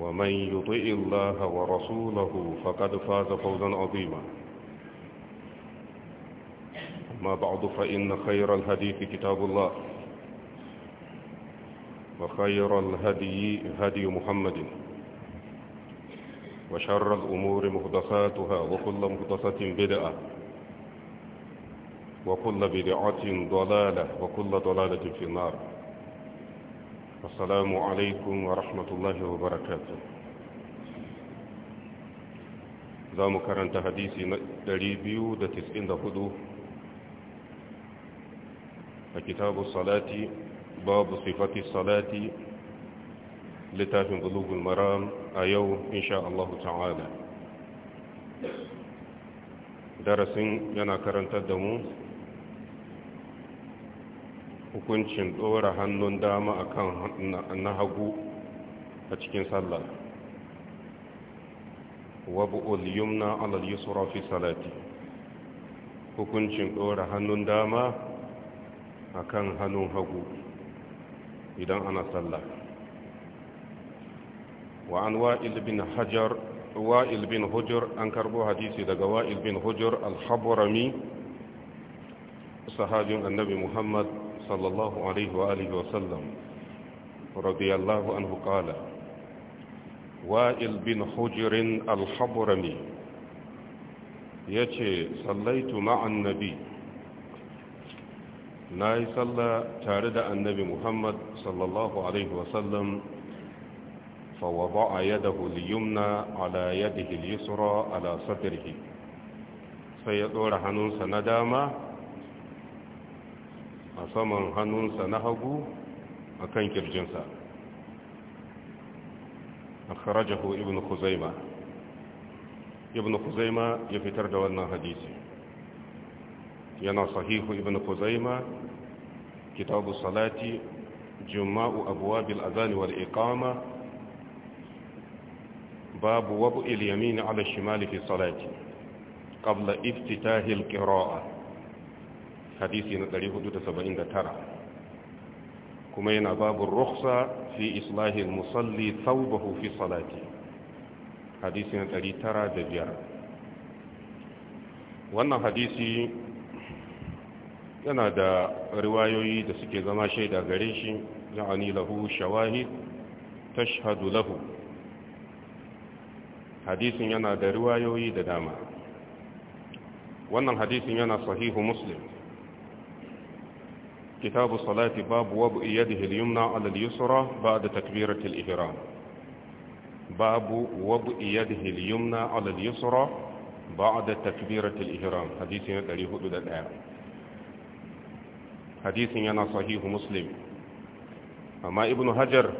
ومن يطع الله ورسوله فقد فاز فوزا عظيما ما بعد فإن خير الحديث كتاب الله وخير الهدي هدي محمد وشر الأمور مهدساتها وكل مهدسة بدعة وكل بدعة ضلالة وكل ضلالة في النار السلام عليكم ورحمة wa وبركاته za mu karanta hadisi na 294 a kitabu salati babu sifati salati littafin bulugul maram a yau insha'Allahu ta'ala darasin yana karantar da mu hukuncin ɗora hannun dama akan na hagu a cikin sallah Wabu yumna alal yusra fi salati hukuncin ɗora hannun dama akan hannun hagu idan ana sallah wa an wa'il bin hajar wa'il bin hujur an karbo hadisi daga wa'il bin hujur al-habrami sahajin annabi muhammad صلى الله عليه وآله وسلم رضي الله عنه قال وائل بن حجر الحبرمي يتي صليت مع النبي ناي صلى تارد النبي محمد صلى الله عليه وسلم فوضع يده اليمنى على يده اليسرى على صدره سيدور حنون سندامه a saman hannunsa na hagu a kan kirjinsa a farajahu ibn huzaima ibn huzaima ya fitar da wannan hadisi yana sahihu ibn huzaima kitabu salati juma'u abuwa bil'azani wal iqama babu wabu Ilyamini ala shimali fi salati qabla iftitahil qira'ah hadisi na 479 kuma yana babu rukhsa fi islahi musalli thawbahu fi salati hadisi na 905 wannan hadisi yana da riwayoyi da suke zama shaida gare shi ya'ani lahu shawahid tashhadu lahu hadisin yana da riwayoyi da dama wannan hadisin yana sahihu muslim كتاب صلاة باب وضع يده اليمنى على اليسرى بعد تكبيرة الإهرام باب وضع يده اليمنى على اليسرى بعد تكبيرة الإهرام حديث يدري حدود الآن حديث ينا صحيح مسلم أما ابن هجر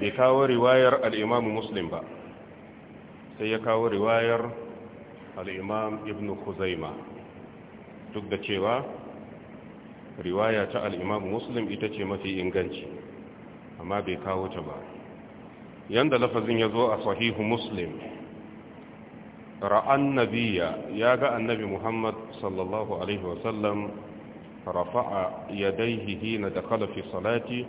بكاو رواية الإمام مسلم سيكاو رواية الإمام ابن خزيمة تقدر شيئا riwaya ta al'imamu muslim ita ce mafi inganci amma bai kawo ta ba yanda lafazin ya zo a sahihu muslim ra'an nabiya ya ga annabi muhammad sallallahu alaihi wasallam rafa'a yadaihi na da kalafi salati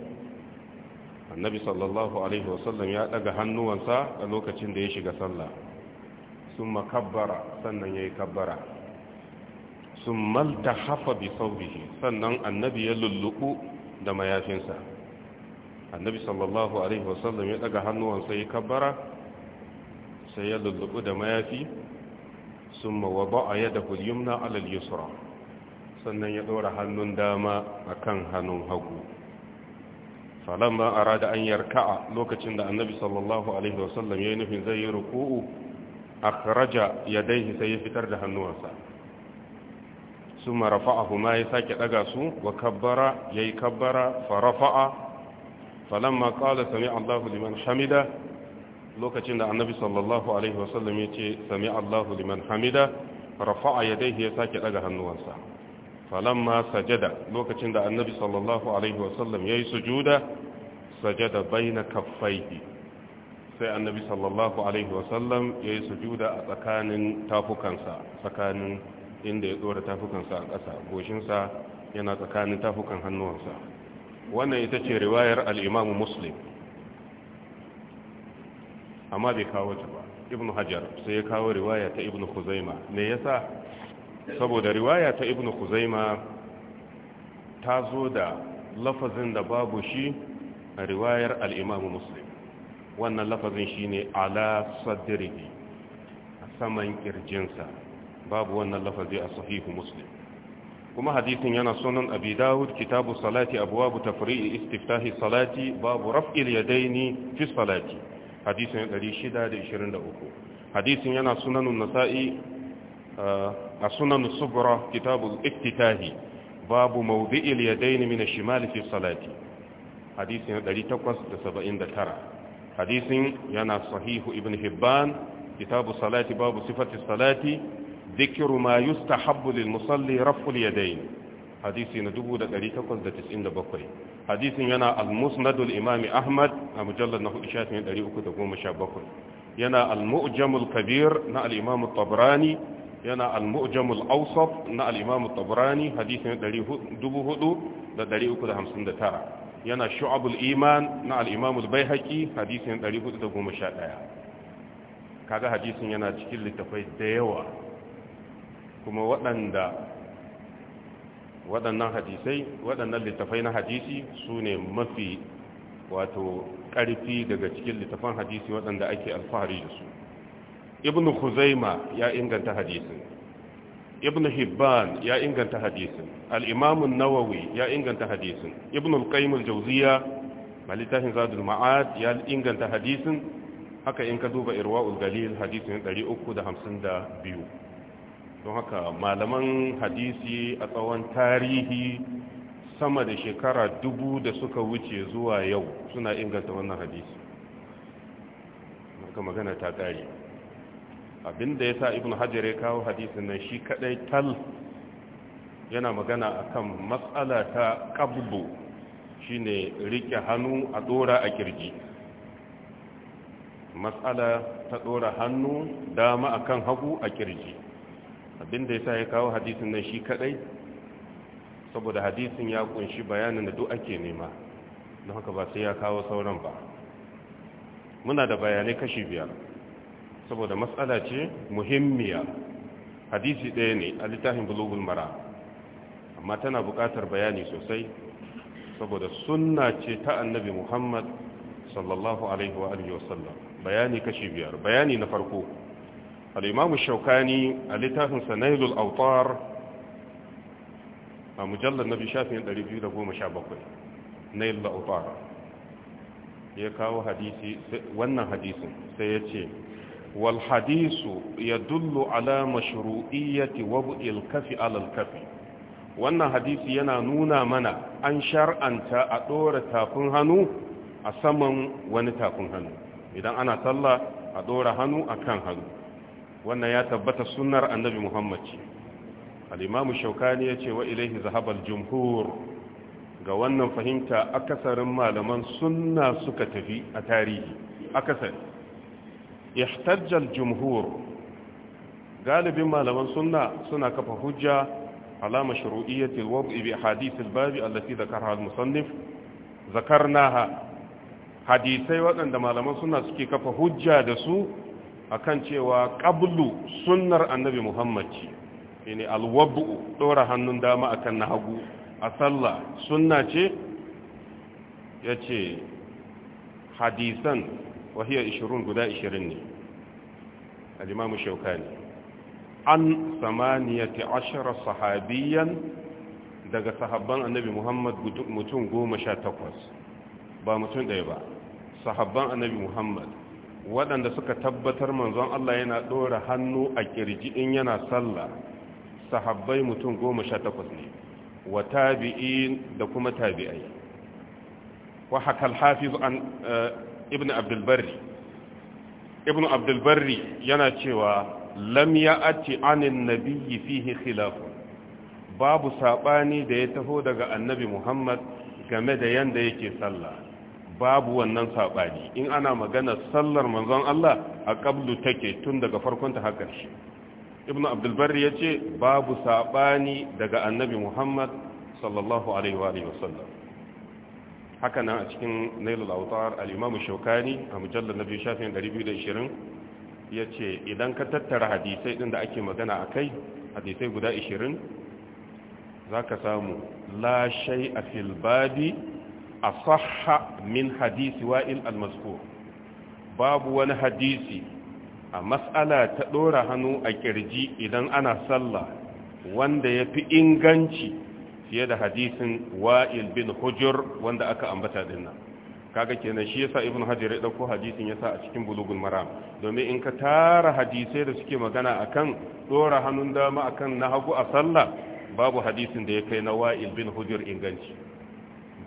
annabi sallallahu alaihi wasallam ya ɗaga hannuwansa a lokacin da ya shiga sallah sun makabbara sannan ya yi kabbara sun malta hafa bi saurihi sannan annabi ya lulluɓu da mayafinsa annabi sallallahu alaihi wasallam ya daga hannuwansa ya kabbara sai ya lulluɓu da mayafi sun mawaba a yadda hulyumna alal yusra sannan ya ɗora hannun dama a kan hannun hagu falamma arada an yarka'a lokacin da annabi sallallahu alaihi wasallam ya yi nufin zai yi ruku'u ya yadayhi sai ya fitar da hannuwansa su رفعهما يساك ya وكبر يكبر فرفع فلما قال سمع الله لمن حمده lokacin da annabi sallallahu alaihi wasallam ya ce sami Allahu liman hamida rafa'a yadayhi ya sake daga hannuwansa ma sajada lokacin da annabi sallallahu alaihi wasallam yayi sujuda sajada baina kaffaihi sai annabi sallallahu alaihi wasallam yayi sujuda a tsakanin tafukansa tsakanin inda ya tsora tafukansa a ƙasa goshinsa yana tsakanin tafukan hannuwansa wannan ita ce riwayar al'imamu muslim amma bai kawo ta ba ibn hajar sai ya kawo riwaya ta ibn huzaima me sa saboda riwaya ta ibn huzaima ta zo da lafazin da babu shi a riwayar al'imamu muslim wannan lafazin shi ne ala saddiri a saman kirjinsa babu wannan lafazi a sahihu muslim kuma hadisin yana sunan abi dawud kitabu salati abwabu tafri'i istiftahi salati babu raf'il yadaini fi salati hadisin 623 hadisin yana sunanun nasa'i uh, a sunan subra kitabul iftitahi babu mawdi'il yadaini min ash-shimali fi salati hadisin 879 hadisin yana sahihu ibn hibban kitabu salati babu sifati salati dhikru ma yustahabbu lil musalli raf'ul yadayn hadisi na 1897 hadisin yana al-musnad al ahmad a mujallar na 1317 yana al-mu'jam kabir na al-imam at yana al-mu'jam al-awsat na al-imam at-tabrani hadisin 4359 yana shu'ab al-iman na al-imam al-baihaqi hadisin 411 kaga hadisin yana cikin littafai da yawa kuma waɗanda waɗannan hadisai waɗannan littafai na hadisi su ne mafi wato ƙarfi daga cikin littafan hadisi waɗanda ake alfahari da su ibn huzaima ya inganta hadisin ibn hibban ya inganta hadisin al'imamun nawawi ya inganta hadisin ibn al jauziya malittafin zadul ma'ad ya inganta hadisin haka in ka duba irwa'ul galil hadisin 352 don haka malaman hadisi a tsawon tarihi sama da shekara dubu da suka wuce zuwa yau suna inganta wannan hadisi maka magana ta tsari abinda ya sa ibn hajjar ya kawo hadisi nan shi kadai tal yana magana akan matsala ta shi ne rike hannu a ɗora a kirji matsala ta ɗora hannu dama akan hagu a kirji Abin da ya sa ya kawo hadisin nan shi kadai saboda hadisin ya kunshi bayanin da duk ake nema don haka ba sai ya kawo sauran ba muna da bayanai kashi biyar saboda matsala ce muhimmiya hadisi ɗaya ne a littafin bulogun mara amma tana buƙatar bayani sosai saboda sunna ce ta annabi muhammad sallallahu alaihi wa sallam bayani kashi biyar bayani na farko al-imam shaukani a littafin sanailul autar a mujallar na bishafin 217 nailul autar ya kawo hadisi wannan hadisin sai ya ce wal hadisu ya dullu ala mashru'iyyati wab'il kafi alal kafi wannan hadisi yana nuna mana an shar'anta a ɗora tafin hannu a saman wani tafin hannu idan ana sallah a ɗora hannu a kan hannu wannan ya tabbata sunnar annabi muhammad ce al'imamu shaukani ya ce wa ilaihi zahabar jumhur ga wannan fahimta akasarin malaman sunna suka tafi a tarihi akasari ihtajjal jumhur galibin malaman sunna suna kafa hujja Alama mashru'iyyatil wad'i bi hadithil babi allati zakaraha al-musannif zakarnaha hadisai waɗanda malaman suna suke kafa hujja da su akan cewa qablu sunnar annabi Muhammad ce shine alwabu dora hannun dama akan na hagu a sallah sunna ce yace hadisan wahiya ishirin guda ishirin ne al-imamu ne. an 18 sahabiyan daga sahabban annabi Muhammad mutum goma sha takwas. ba mutum ɗaya ba sahabban annabi Muhammad waɗanda suka tabbatar manzon Allah yana ɗora hannu a ƙirji in yana salla sahabbai mutum goma sha takwas ne wa tabi'in da kuma tabi'ai wa hakal hafiz an eh, ibn abdulbarri ibn abdulbarri yana cewa lam ya'ati anin nabiyyi fihi khilafun babu sabani da ya taho daga annabi Muhammad game da yanda yake sallah babu wannan saɓani in ana magana sallar manzon Allah a ƙablu take tun daga farkonta haƙar shi. ibn abdulbar ya ce babu saɓani daga annabi muhammad sallallahu alaihi wa sallam haka nan a cikin nailul autar al'imamu shaukani a mujallar na biyu shafin 220 ya ce idan ka tattara hadisai ɗin da ake magana a kai hadisai guda 20 za ka samu la shai a filbadi asahha min hadisi wa'il al babu wani hadisi a matsala ta ɗora hannu a kirji idan ana sallah wanda yafi inganci fiye da hadisin wa'il bin hujur wanda aka ambata dinna kaga kenan shi yasa ibnu hajar ya dauko hadisin yasa a cikin bulugul maram domin in ka tara hadisai da suke magana akan dora hannun dama akan na hagu a sallah babu hadisin da ya kai na wa'il bin hujur inganci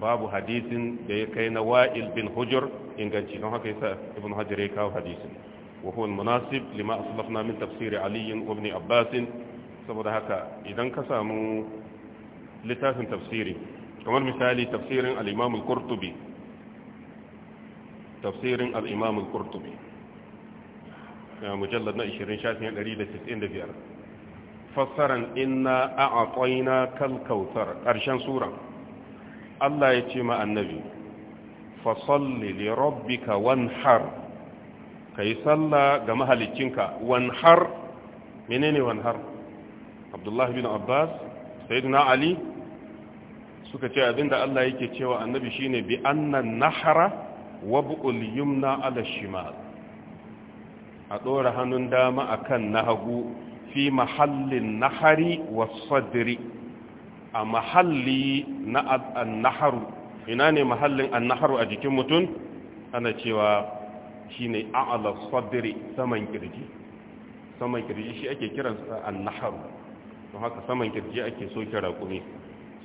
babu hadisin da ya kai na wa'il bin hujjar inganci don haka yasa ibn hajar ya kawo hadisin wa munasib lima aslafna min tafsir aliyun ibn abbasin saboda haka idan ka samu littafin tafsiri kamar misali tafsirin al-imam al-qurtubi tafsirin al-imam al-qurtubi mujallad na 20 shafin 195 a inna a'tayna kal kautar karshen sura Allah ya ce ma annabi fasalli li rabbika wanhar kai sallah ga mahalicinka wanhar menene wanhar Abdullahi bin Abbas Sayyidina Ali suka ce abinda Allah yake cewa annabi shine bi annan nahara wab'ul yumna ala shimal a dora hannun dama akan nahagu fi mahallin nahari was sadri a mahalli na annaharu ina ne mahallin annaharu a jikin mutum ana cewa shi ne a'la sadri saman kirji saman kirji shi ake kiransa annaharu don haka saman kirji ake so kira kuni,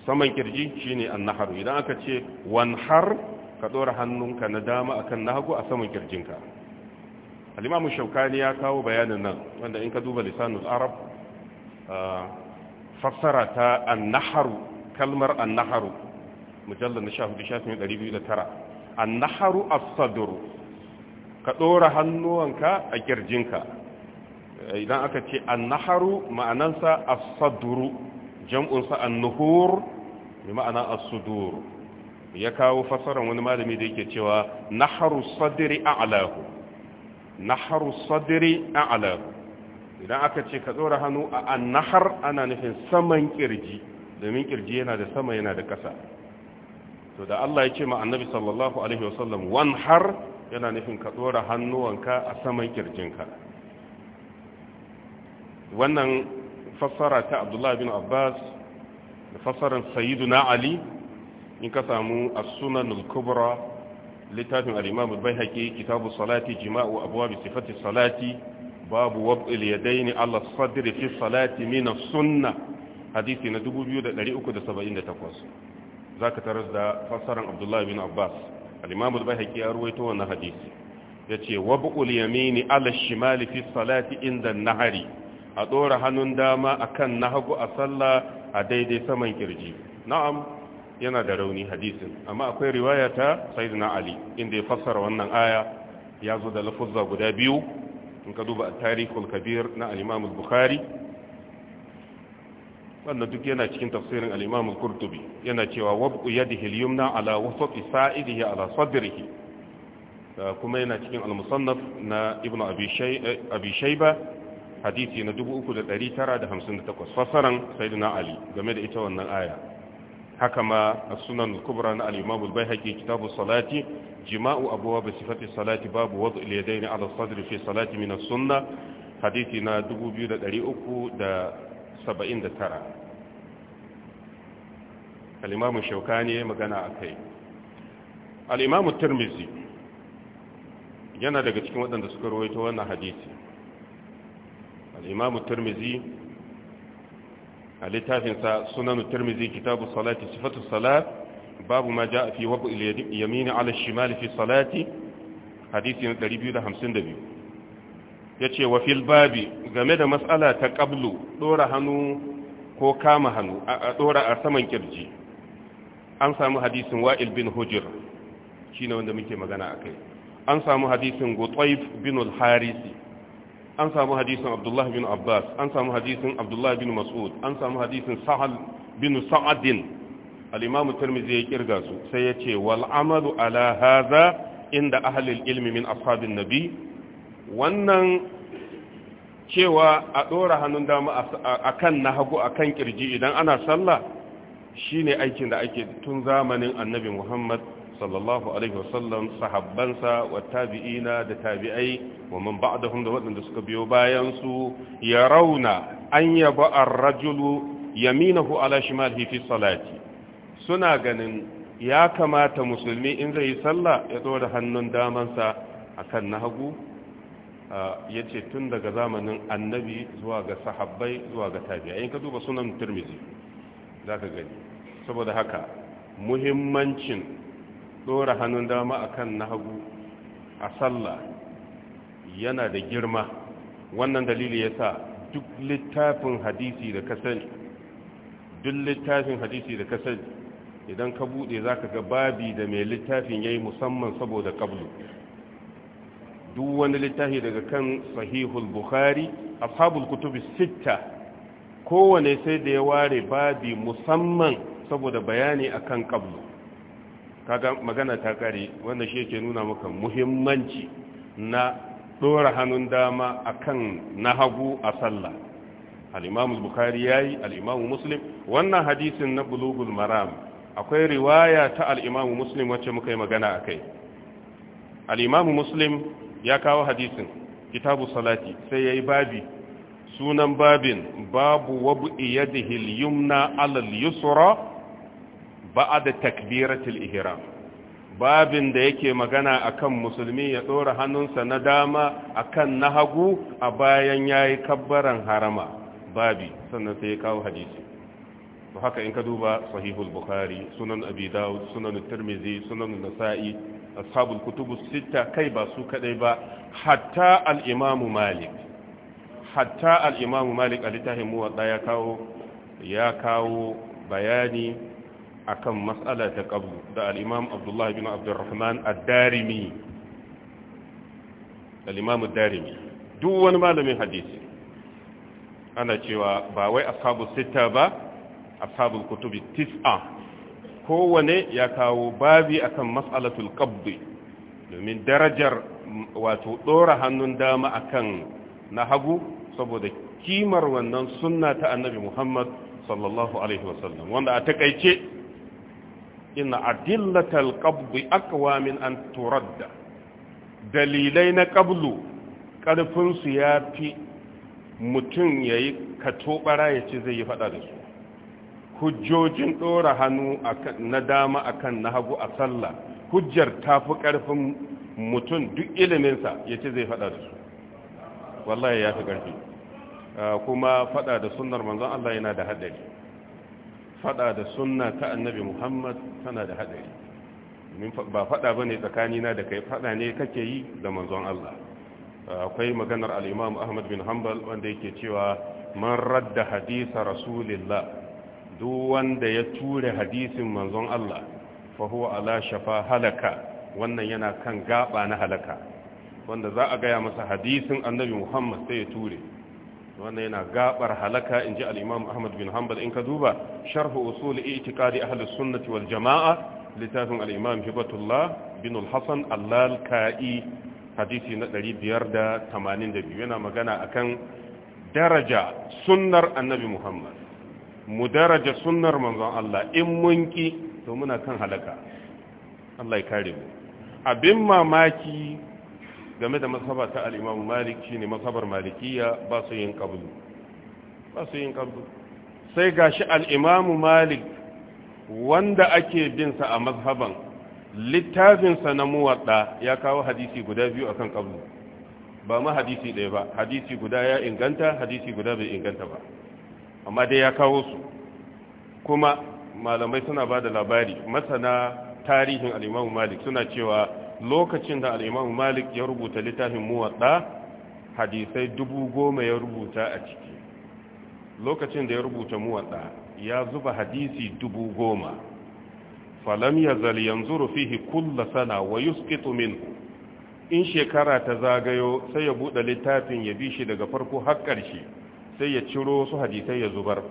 saman kirji shine annaharu idan aka ce wanhar ka dora hannunka na dama akan na hagu a saman kirjinka al shaukani ya kawo bayanin nan wanda in ka duba lisanus arab ah, fassara ta annaharu kalmar annaharu mujallar na shahudu shafin annaharu as-sadru ka dora hannuwanka a kirjinka idan aka ce annaharu ma'anansa as-sadru jam'unsa an-nuhur bi ma'ana as-sudur ya kawo fassarar wani malami da yake cewa naharu sadri a'lahu naharu sadri a'lahu idan aka ce ka tsora hannu a annahar ana nufin saman kirji domin kirji yana da sama yana da ƙasa to da Allah ya ce ma annabi sallallahu alaihi wasallam wan har yana nufin ka tsora hannuwanka a saman kirjinka wannan fassara ta Abdullah bin Abbas da fassaran Sayyiduna Ali in ka samu as-Sunan al-Kubra littafin al-Imam al-Baihaqi kitabu salati jima'u abwab sifati salati babu wab'il yadaini Allah sadri fi salati min sunna hadisi na 2378 zaka tarar da fassaran Abdullah bin Abbas al-Imam bai ya ruwaito wannan hadisi ce wab'ul yamini ala shimali fi salati inda nahari a ɗora hannun dama a na nahagu a sallah a daidai saman kirji na'am yana da rauni hadisin amma akwai riwaya ta sayyidina Ali inda ya fassara wannan aya ya zo da lafuzza guda biyu in ka duba tarihul kabir na Alimamul bukhari wannan duk yana cikin tafsirin Alimamul kurtubi yana cewa wabqu yadihi al-yumna ala wasati sa'idihi ala sadrihi kuma yana cikin al-musannaf na ibnu eh, abi shayba hadisi na 3958 fasaran sayyidina ali game da ita wannan aya haka ma sunan kubra na Alimamul bai al kitabun salati جماع أبواب صفة الصلاة باب وضع اليدين على الصدر في الصلاة من السنة حديثنا دبو بيودة أريئكو دا سبعين دا ترى الإمام الشوكاني مغانا أكي الإمام الترمزي yana daga cikin waɗanda suka rawaito wannan hadisi al-imam at-tirmidhi a littafinsa sunan at-tirmidhi kitabu salati sifatu salat babu ma ja fi wabu yamini ala shimali fi salati hadisi na 252 ya ce wa fil babi game da matsala ta ƙablu ɗora hannu ko kama hannu a ɗora a saman kirji an samu hadisin wa'il bin hujir shi ne wanda muke magana a kai an samu hadisin bin harisi an samu abdullahi bin abbas an samu hadisin abdullahi bin mas'ud an samu hadisin sahal bin sa'adin alimamu imamu ya kirga su sai ya ce wal'amadu ala haza inda ahli ilmi min ashabin nabi wannan cewa a ɗora hannun dama akan na hagu akan kirji idan ana sallah shine aikin da ake tun zamanin annabi Muhammad sallallahu alaihi wasallam sahabbansa wa tabi'ina da tabi'ai wa man ba'dahum da waɗanda suka biyo bayan su ya rauna an yaba ar-rajulu yaminahu ala shimalihi fi salati suna ganin ya kamata musulmi in zai yi sallah ya ɗora hannun damansa a kan na hagu ya ce tun daga zamanin annabi zuwa ga sahabbai zuwa ga a yin ka duba sunan turmizi za ka gani saboda haka muhimmancin ɗora hannun dama a kan na hagu a sallah yana da girma wannan dalili ya sa duk littafin hadisi da kasar duk littafin hadisi da idan ka buɗe za ka ga babi da mai littafin ya yi musamman saboda kablu duk wani littafi daga kan sahihul bukhari ashabul kutubi sitta kowane sai da ya ware babi musamman saboda bayani akan ƙablu kaga magana ta kare wanda shi yake nuna maka muhimmanci na ɗora hannun dama akan na hagu a sallah al-imam al-bukhari yayi al-imam muslim wannan hadisin na bulugul maram akwai riwaya ta al'imamu muslim wacce muka yi magana a kai al'imamu muslim ya kawo hadisin kitabu salati sai ya yi babi sunan babin babu wabu iyadihil yumna alal yusra ba'a da takbiratul ihram babin da yake magana akan musulmi ya tsora hannunsa na dama akan na hagu a bayan ya yi kabbaran harama babi sannan sai ya kawo hadisi to haka in ka duba sahihul bukhari sunan abi dawud sunan tirmizi sunan nasa'i ashabul kutubu sita kai ba su kadai ba hatta al-imam malik hatta al-imam malik al-tahim muwadda ya kawo ya kawo bayani akan mas'ala ta qablu da al-imam abdullah bin abdurrahman ad-darimi al-imam ad-darimi duk wani malamin hadisi ana cewa ba wai ashabu sita ba ashabul kutubi tis'a kowane ya kawo babi akan mas'alatul qabdi domin darajar mm, wato dora hannun dama akan na hagu saboda kimar wannan sunna ta annabi Muhammad sallallahu alaihi wasallam wanda a takaice inna adillatal qabdi aqwa min an turadda dalilai na qablu karfin su yafi mutum yayi katobara yace zai yi fada da su hujjojin ɗora hannu na dama akan na hagu a sallah hujjar ta fi ƙarfin mutum duk iliminsa ya ce zai faɗa da su wallahi ya fi ƙarfi kuma faɗa da sunar manzon Allah yana da haɗari faɗa da sunna ta annabi Muhammad tana da haɗari ba faɗa ba ne tsakanina da kai faɗa ne kake yi da manzon Allah akwai maganar al'imam Ahmad bin Hanbal wanda yake cewa man radda hadisa rasulillah duk wanda ya ture hadisin manzon Allah fahu ala shafa halaka wannan yana kan gaba na halaka wanda za a gaya masa hadisin annabi Muhammad sai ya ture wannan yana gabar halaka inji al-Imam Ahmad bin Hanbal in ka duba sharh usul itikadi ahli sunnati wal jamaa littafin al-Imam Hibatullah bin al-Hasan al-Lalkai hadisi na 582 yana magana akan daraja sunnar annabi Muhammad mu daraja sunnar manzon Allah in mun ki to muna kan halaka Allah ya kare mu abin mamaki game da masaba ta al-Imam Malik shine masabar Malikiya ba su yin qablu ba su yin qablu sai gashi al-Imam Malik wanda ake bin sa a mazhaban littafin sa na muwadda ya kawo hadisi guda biyu akan qablu ba ma hadisi ɗaya ba hadisi guda ya inganta hadisi guda bai inganta ba amma dai ya kawo su kuma malamai suna ba da labari masana tarihin al'imamu malik suna cewa lokacin da al'imamu malik ya rubuta littafin muwatsa hadisai dubu goma ya rubuta a ciki lokacin da ya rubuta muwatsa ya zuba hadisi dubu goma falam ya zali yanzu fihi kulla sana wa yusqitu minhu in shekara ta zagayo sai ya buɗe littafin ya bi shi daga farko har ƙarshe sai ya ciro su hadisai ya zubar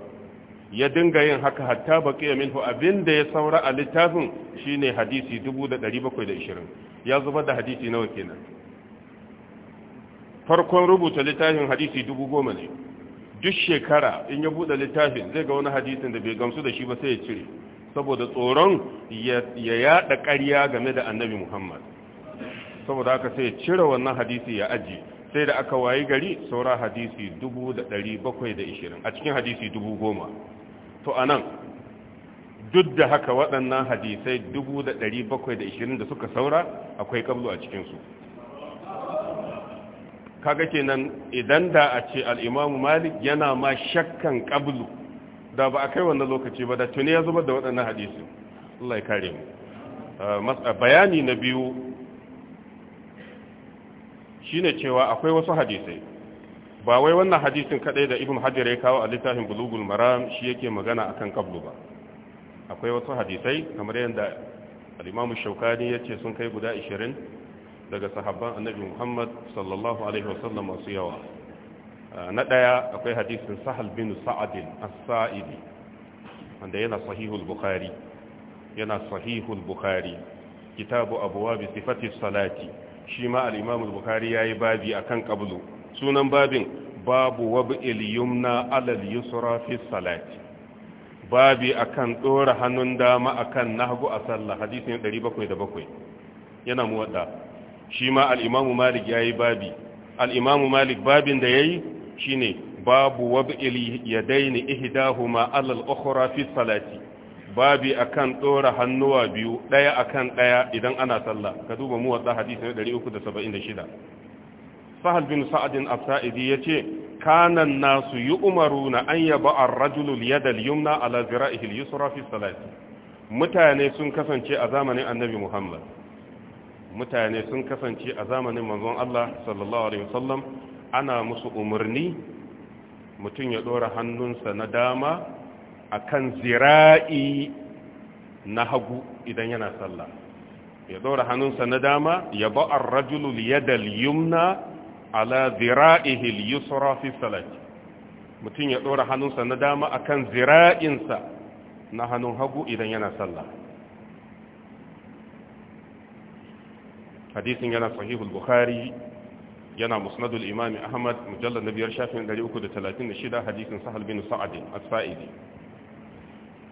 ya dinga yin haka hatta baqiya minhu abinda ya saura a littafin shine hadisi 1720 ya zubar da hadisi nawa kenan farkon rubuta littafin hadisi 10000 ne duk shekara in ya bude littafin zai ga wani hadisin da bai gamsu da shi ba sai ya cire saboda tsoron ya yada ƙarya game da annabi Muhammad saboda haka sai ya cire wannan hadisi ya ajiye sai da aka wayi gari saura hadisi 720 a cikin hadisi 10,000 to anan duk da haka waɗannan hadisai 720 da suka saura akwai kablo a cikinsu kaga kenan idan da a ce al'imamu malik yana ma shakkan kablo da ba a kai wannan lokaci ba da tuni ya zubar da waɗannan hadisi Allah ya kare mu bayani na biyu shine cewa akwai wasu hadisai ba wai wannan hadisin kadai da ibn hajar ya kawo a littafin bulugul maram shi yake magana akan kablu ba akwai wasu hadisai kamar yadda al-imam shaukani yace sun kai guda 20 daga sahabban annabi muhammad sallallahu alaihi wasallam masu yawa na daya akwai hadisin sahal bin sa'ad as-sa'idi wanda yana sahihul bukhari yana sahihul bukhari kitabu abwab sifati salati shi ma al-imam ya yi yayi babi akan qablu sunan babin babu wabi yumna na alal yusra fi salati babi akan ɗora hannun dama akan nahagu a sallah hadisin 777 yana muwadda shi ma al malik ya yayi babi al malik babin da yayi shine babu wab'il yadaini ihdahuma ma alal ukhra fi salati babi akan ɗora hannuwa biyu ɗaya akan ɗaya idan ana sallah ka duba mu wasa hadisi 376 sahal bin sa'adin ya ce kanan nasu yu'maruna an yaba ar-rajulu yadal yumna ala zira'ihi yusra fi salati mutane sun kasance a zamanin annabi Muhammad mutane sun kasance a zamanin manzon Allah sallallahu alaihi wasallam ana musu umarni mutum ya ɗora hannunsa na dama akan zira'i na hagu idan yana sallah ya daura hannunsa na dama ya ba'ar rajulul yadal yumna ala zira'ihi yusra fi salati mutum ya daura hannunsa na dama akan zira'insa na hannun hagu idan yana sallah hadisin yana sahihul bukhari yana musnadul imami ahmad mujallar na biyar shafin 336 hadisin sahal bin sa'adin as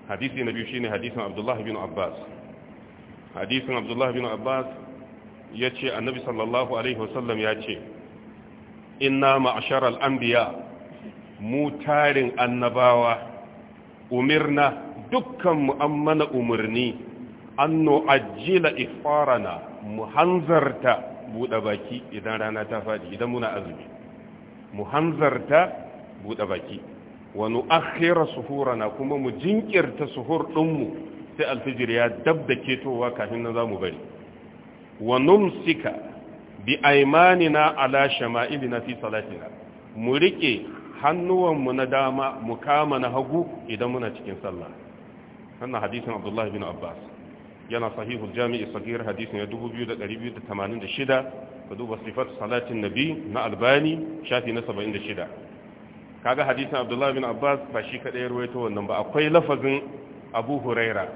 hadisi na biyu shine hadisin abdullahi bin abbas hadisin abdullahi bin abbas ya ce annabi sallallahu alaihi wasallam ya ce inna ma'ashar anbiya mu tarin annabawa umirna dukkan mu'ammana umarni an nu'ajjila ifarana mu hanzarta buɗe baki idan rana ta faɗi idan muna azumi mu hanzarta buɗe baki wa nu'akhkhira suhurana kuma mu jinkirta suhur dinmu sai alfijir ya dabda ketowa kafin nan zamu bari wa numsika bi aymanina ala shama'ilina fi salatina mu rike hannuwanmu na dama mu kama na hagu idan muna cikin sallah wannan hadisin Abdullah bin Abbas yana sahihul jami'i sagir hadisin ya 2286 ka duba sifat salatin nabi na albani shafi na 76 kaga hadisin abdullah bin abbas ba shi kaɗai ruwaito wannan ba akwai lafazin abu huraira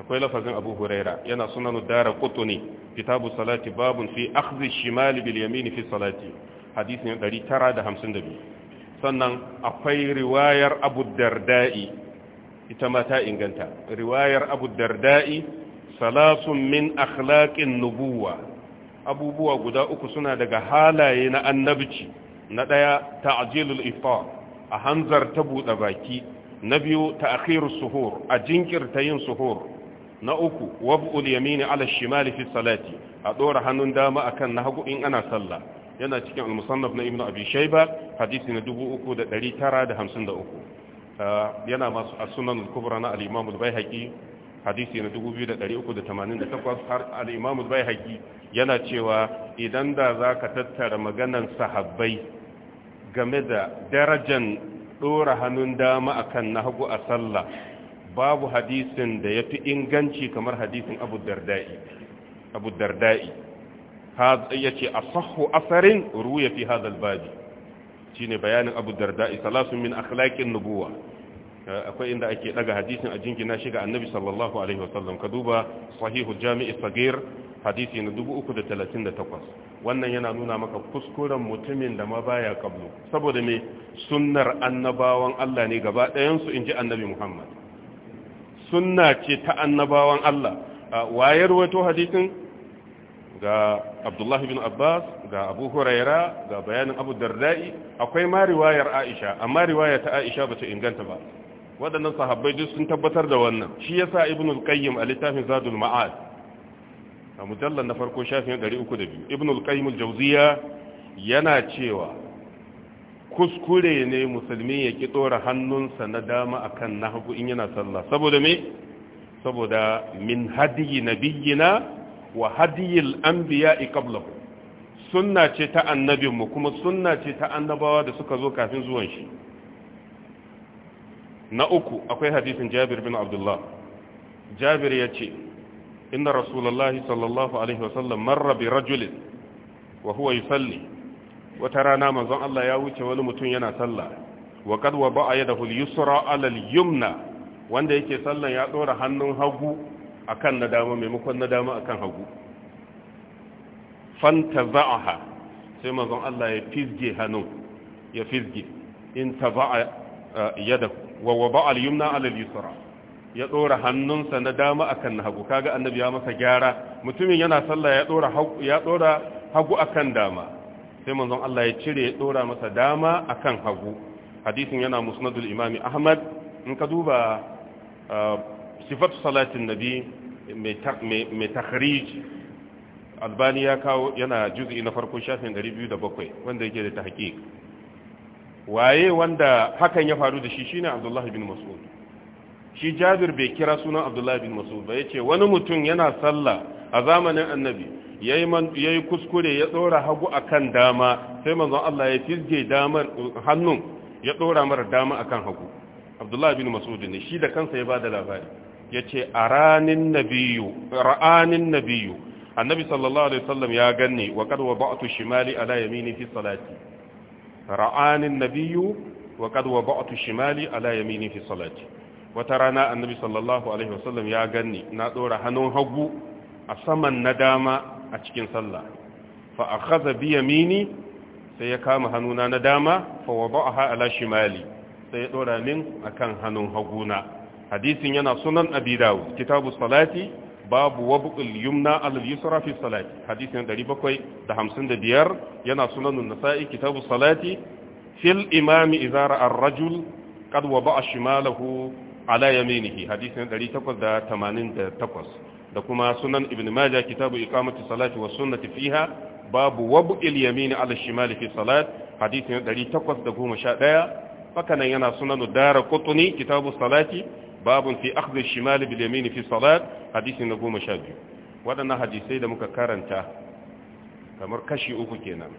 akwai lafazin abu huraira yana sunan dara kutuni kitabu salati babun fi akhdhi shimali bil yamini fi salati hadisin 952 sannan akwai riwayar abu darda'i ita ma ta inganta riwayar abu darda'i salasun min akhlaqin nubuwa abubuwa guda uku suna daga halaye na annabci na ɗaya ta'jilul iftar a hanzar ta buɗe baki na biyu ta'khirus suhur a jinkirta yin suhur na uku wab'ul yamini ala shimali fi salati a ɗora hannun dama a kan na hagu in ana sallah yana cikin al na ibnu abi shayba hadisi na 3953 ah, yana masu as-sunan al-kubra na al-imam al-baihaqi hadisi na 2388 har al-imam al-baihaqi yana cewa idan da zaka tattara maganan sahabbai game da darajan ɗora hannun dama akan na hagu a sallah babu hadisin da ya fi inganci kamar hadisin abu darda'i ya ce a sahu asarin ruya fi hadal babi shi ne bayanin abu darda'i salasun min akhlaƙin nubuwa akwai inda ake daga hadisin a jingina shiga annabi sallallahu alaihi wasallam ka duba sahihu jami'i sagir hadisi na 338 wannan yana nuna maka kuskuren mutumin da ma baya kablo saboda me sunnar annabawan Allah ne gaba ɗayansu inji annabi Muhammad sunna ce ta annabawan Allah wayar wato hadisin ga Abdullah ibn Abbas ga Abu Huraira ga bayanin Abu Darda'i akwai ma riwayar Aisha amma riwaya ta Aisha ba ta inganta ba waɗannan sahabbai duk sun tabbatar da wannan shi yasa Ibn al-Qayyim a littafin Zadul Ma'ad a mujallar na farko shafin 302 ibn al-qayyim jawziya yana cewa kuskure ne musulmi ya ki dora hannunsa na dama akan nahwu in yana sallah saboda me saboda min hadiyi nabiyyina wa hadiyil anbiya'i qablahu sunna ce ta annabinmu kuma sunna ce ta annabawa da suka zo kafin zuwan shi na uku akwai hadisin jabir bin abdullah jabir ya ce inna rasulullahi sallallahu alaihi wasallam marra bi rajulin wa huwa yusalli wata rana manzon Allah ya wuce wani mutum yana sallah wa qad wa ba'a yadahu al-yusra ala al-yumna wanda yake sallan ya dora hannun hagu akan na dama maimakon na dama akan hagu fantaza'aha sai manzon Allah ya ya wa yumna ala al ya ɗora hannunsa na dama akan na hagu kaga annabi ya masa gyara mutumin yana sallah ya ɗora hagu a hagu akan dama sai manzon Allah ya cire ya ɗora masa dama akan hagu hadisin yana musnadul imami ahmad in ka duba uh, sifatu salatin nabi mai takhrij albani ya kawo yana juz'i na farko shafin 207 wanda yake da tahqiq waye wanda hakan ya faru da shi shine abdullahi bin mas'ud shi jabir bai kira sunan abdullahi bin masud ba ya ce wani mutum yana sallah a zamanin annabi ya yi kuskure ya tsora hagu akan dama sai mazan Allah ya fizge damar hannun ya tsora mara dama akan hagu abdullahi bin masud ne shi da kansa ya ba da labari yace aranin nabiyyu ra'anin Nabiyu annabi sallallahu alaihi wasallam ya ganni wa qad wada'tu shimali ala yamini fi salati ra'anin nabiyyu wa qad wada'tu shimali ala yamini fi salati wata rana annabi sallallahu alaihi wasallam ya ganni na dora hannun hagu a saman na dama a cikin sallah fa akhadha bi yamini sai ya kama hannuna na dama fa wada'aha ala shimali sai ya dora min akan hannun haguna hadisin yana sunan abi dawud kitabu salati babu wabqul yumna al yusra fi salati hadisin 755 yana sunan nasa'i kitabu salati fil imami idza ar-rajul قد وضع shimalahu. ala yaminihi hadisin 888 da kuma sunan ibn majah kitabu iqamati salati wa sunnati fiha babu wabu wab'il yamini ala shimali fi salat hadisin 811 haka nan yana sunan daraqutni kitabu salati babun fi akhdhi shimali bil yamini fi salat hadisin 12 wadannan hadisai da muka karanta kamar kashi uku kenan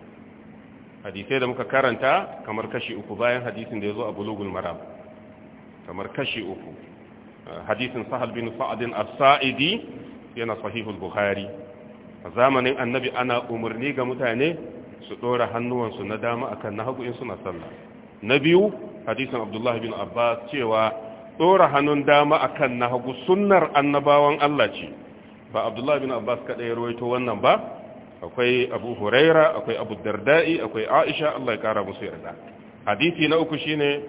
hadisai da muka karanta kamar kashi uku bayan hadisin da ya a bulugul maram kamar kashi uku hadisin sahal bin sa'adin as-sa'idi yana sahihul bukhari a zamanin annabi ana umarni ga mutane su dora hannuwansu na dama akan na hagu in suna sallah na biyu hadisin abdullahi bin abbas cewa dora hannun dama akan na hagu sunnar annabawan Allah ce ba abdullahi bin abbas kadai rawaito wannan ba akwai abu huraira akwai abu dardai akwai aisha Allah ya kara musu yarda hadisi na uku shine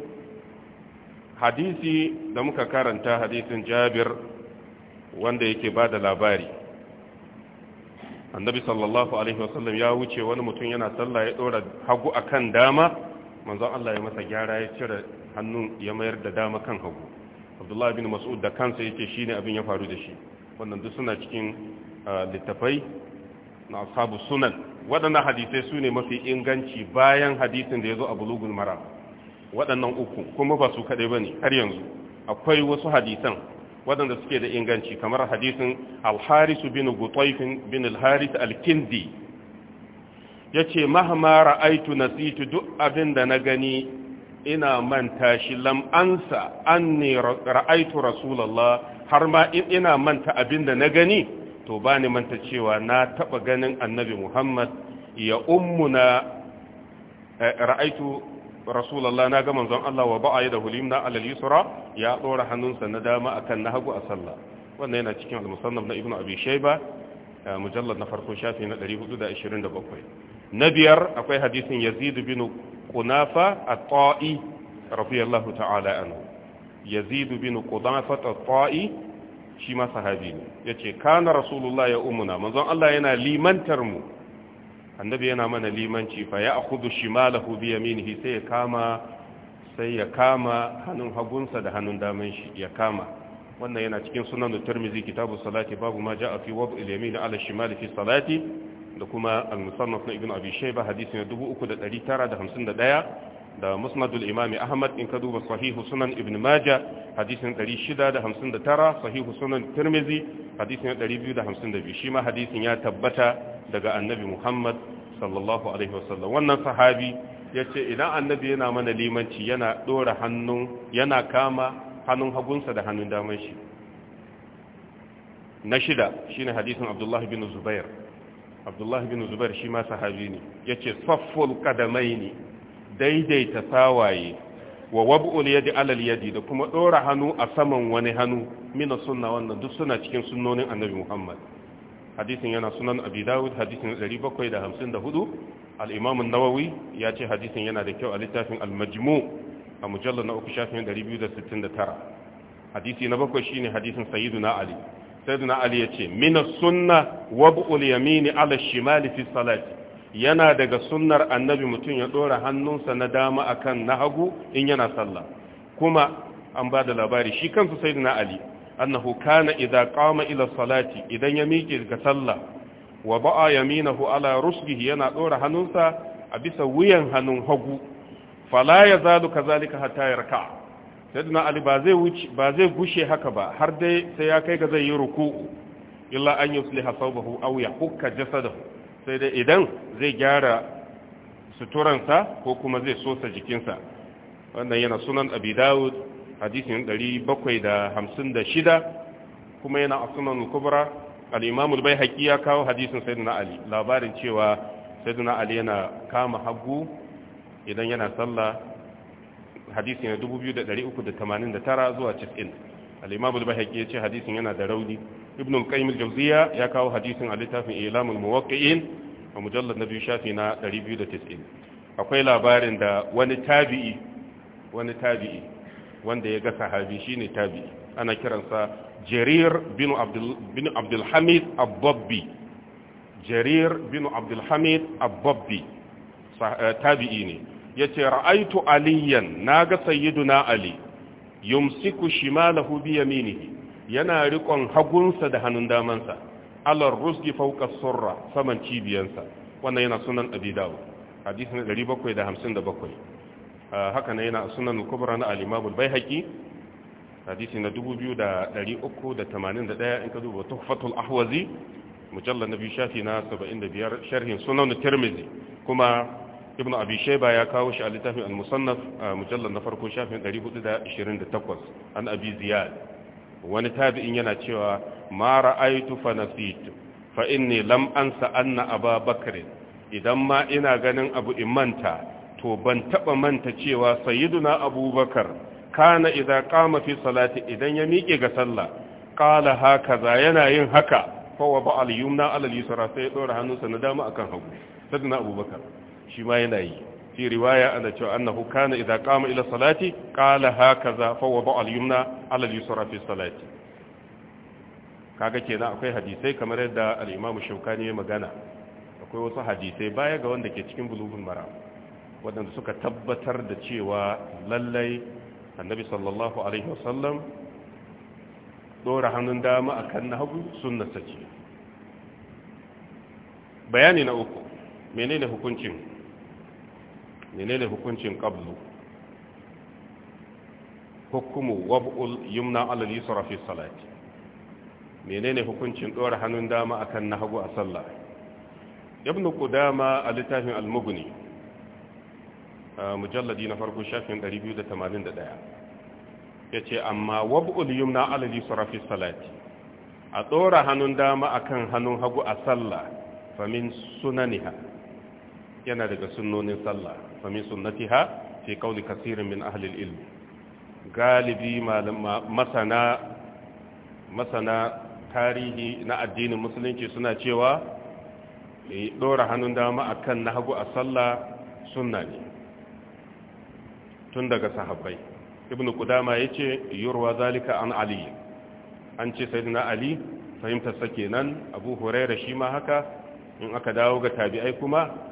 hadisi da muka karanta hadisin jabir wanda yake ba da labari annabi sallallahu alaihi wasallam ya wuce wani mutum yana sallah ya dora hagu akan dama manzon Allah ya masa gyara ya cire hannun ya mayar da dama kan hagu abdullahi bin mas'ud da kansa yake shine abin ya faru da shi wannan duk suna cikin littafai na ashabu sunan waɗannan hadisai su ne mafi inganci bayan hadisin da ya zo a bulugul mara. waɗannan uku kuma ba su kaɗai ba ne har yanzu akwai wasu hadisan waɗanda suke da inganci kamar hadisin alharisu bin gutaifin bin alharis alkindi ya ce mahama ra'aitu nasitu duk abin da na gani ina manta shi lam'ansa an ne ra'aitu rasulallah har ma ina manta abin da na gani to ba ni manta cewa na taɓa ganin annabi muhammad ya ummuna eh, ra'aitu rasulullah na ga manzon Allah wa ba'a yadahu limna alal yusra ya dora hannunsa na dama akan na hagu a sallah wannan yana cikin al-musannaf na ibnu abi shayba mujallad na farko shafi na 427 na biyar akwai hadisin yazid bin qunafa at-ta'i radiyallahu ta'ala anhu yazid bin qunafa at-ta'i shi ma sahabi ne yace kana rasulullah ya umuna manzon Allah yana limantar mu annabi yana mana limanci fa ya akhudhu shimalahu bi yaminihi sai ya kama sai ya kama hannun hagunsa da hannun daman shi ya kama wannan yana cikin sunan tirmizi kitabu salati babu ma ja'a fi wad'i al-yamin ala shimali fi salati da kuma al-musannaf na ibn abi shayba hadisi na 3951 da musnadul imami ahmad in ka duba sahihu sunan ibn maja hadisin 659 sahihu sunan tirmizi hadisin 252 shi ma hadisin ya tabbata daga annabi muhammad sallallahu alaihi wasallam wannan sahabi ya ce idan annabi yana mana limanci yana dora hannun yana kama hannun hagunsa da hannun damar shi na shida shine hadisin abdullahi bin zubair abdullahi bin zubair shi ma sahabi ne ya ce saffol kadamai ne daidaita sawaye wa wab'ul yadi alal yadi da kuma dora hannu a saman wani hannu mina sunna wannan duk suna cikin sunnonin annabi Muhammad hadisin yana sunan abi dawud hadisin 754 al-imam an-nawawi ya ce hadisin yana da kyau a littafin al-majmu a mujallal na uku shafin 269 hadisi na bakwai shine hadisin sayyiduna ali sayyiduna ali yace mina sunna wab'ul yamini ala shimali fi salati yana daga sunnar annabi mutum ya ɗora hannunsa na dama akan na hagu in yana sallah kuma an ba da labari shi kansu sai na ali annahu kana idza qama ila salati idan ya miƙe ga sallah wa ba'a yaminahu ala rusbihi yana ɗora hannunsa a bisa wuyan hannun hagu fala yazalu kazalika hatta yarka sayyidina ali ba zai wuce ba zai gushe haka ba har dai sai ya kai ga zai yi ruku'u illa an yusliha sawbahu aw yahukka jasadahu sai dai idan zai gyara suturansa ko kuma zai sosa jikinsa wannan yana sunan abi dawud hadisin 756 kuma yana a sunan kubra al-imam al-baihaqi ya kawo hadisin sayyidina ali labarin cewa sayyidina ali yana kama hagu idan yana sallah hadisi na 2389 zuwa 90 al-imam al-baihaqi ya ce hadisin yana da rauni ibn al-qayyim ya kawo hadisin a littafin ilamul muwaqqi'in a mujallar na biyu shafi na 290 akwai labarin da wani tabi'i wani tabi'i wanda ya ga sahabi shine tabi'i ana kiransa jarir bin abdul bin abdul hamid ababbi jarir bin abdul hamid ababbi eh, tabi'i ne yace ra'aitu aliyan naga na ali yumsiku shimalahu bi yana rikon hagunsa da hannun damansa alar rusgi fauka surra saman cibiyansa wannan yana sunan abi dawud hadisin 757 ah, haka ne yana sunan kubra na al-imam al-baihaqi hadisi na 2381 in ka duba tuhfatul ahwazi mujallal nabi shafi na 75 sharhin sunan tirmidhi kuma ibn abi shayba ya kawo shi a littafin al-musannaf ah, mujallal na farko shafin 428 an abi ziyad wani tabi'in yana cewa ma ra'aytu fa nasitu fa inni lam ansa anna aba bakr idan ma ina ganin abu in manta to ban taba manta cewa sayyiduna abubakar kana idza qama fi salati idan ya miƙe ga sallah qala hakaza yana yin haka fa wa ba al yumna ala al yusra sai ya dora hannunsa na dama akan hagu sayyiduna abubakar shi ma yana yi fi riwaya ana cewa annahu kana idza qama ila salati qala hakaza fa wada al yumna kaga kenan akwai hadisai kamar yadda al imamu shaukani ya magana akwai wasu hadisai baya ga wanda ke cikin bulugun maram wadanda suka tabbatar da cewa lallai annabi sallallahu alaihi wasallam dora hannun dama akan hagu sunnata ce bayani na uku menene hukuncin menene hukuncin qablu hukumu wab'ul yumna ala al-yusra fi salati menene hukuncin dora hannun dama akan na hagu a sallah ibn qudama a littafin al-mughni mujalladi na farko shafin 281 yace amma wab'ul yumna ala al-yusra fi salati a dora hannun dama akan hannun hagu a sallah famin sunaniha yana daga sunnonin sallah fami sunnatiha fi kauli min ahli al galibi masana tarihi na addinin musulunci suna cewa dora eh, hannun dama akan na hagu a sallah sunna ne tun daga sahabbai ibn ya yace yurwa zalika an ali an ce sayyidina ali fahimtar sa kenan abu huraira shi ma haka in aka dawo ga tabi'ai kuma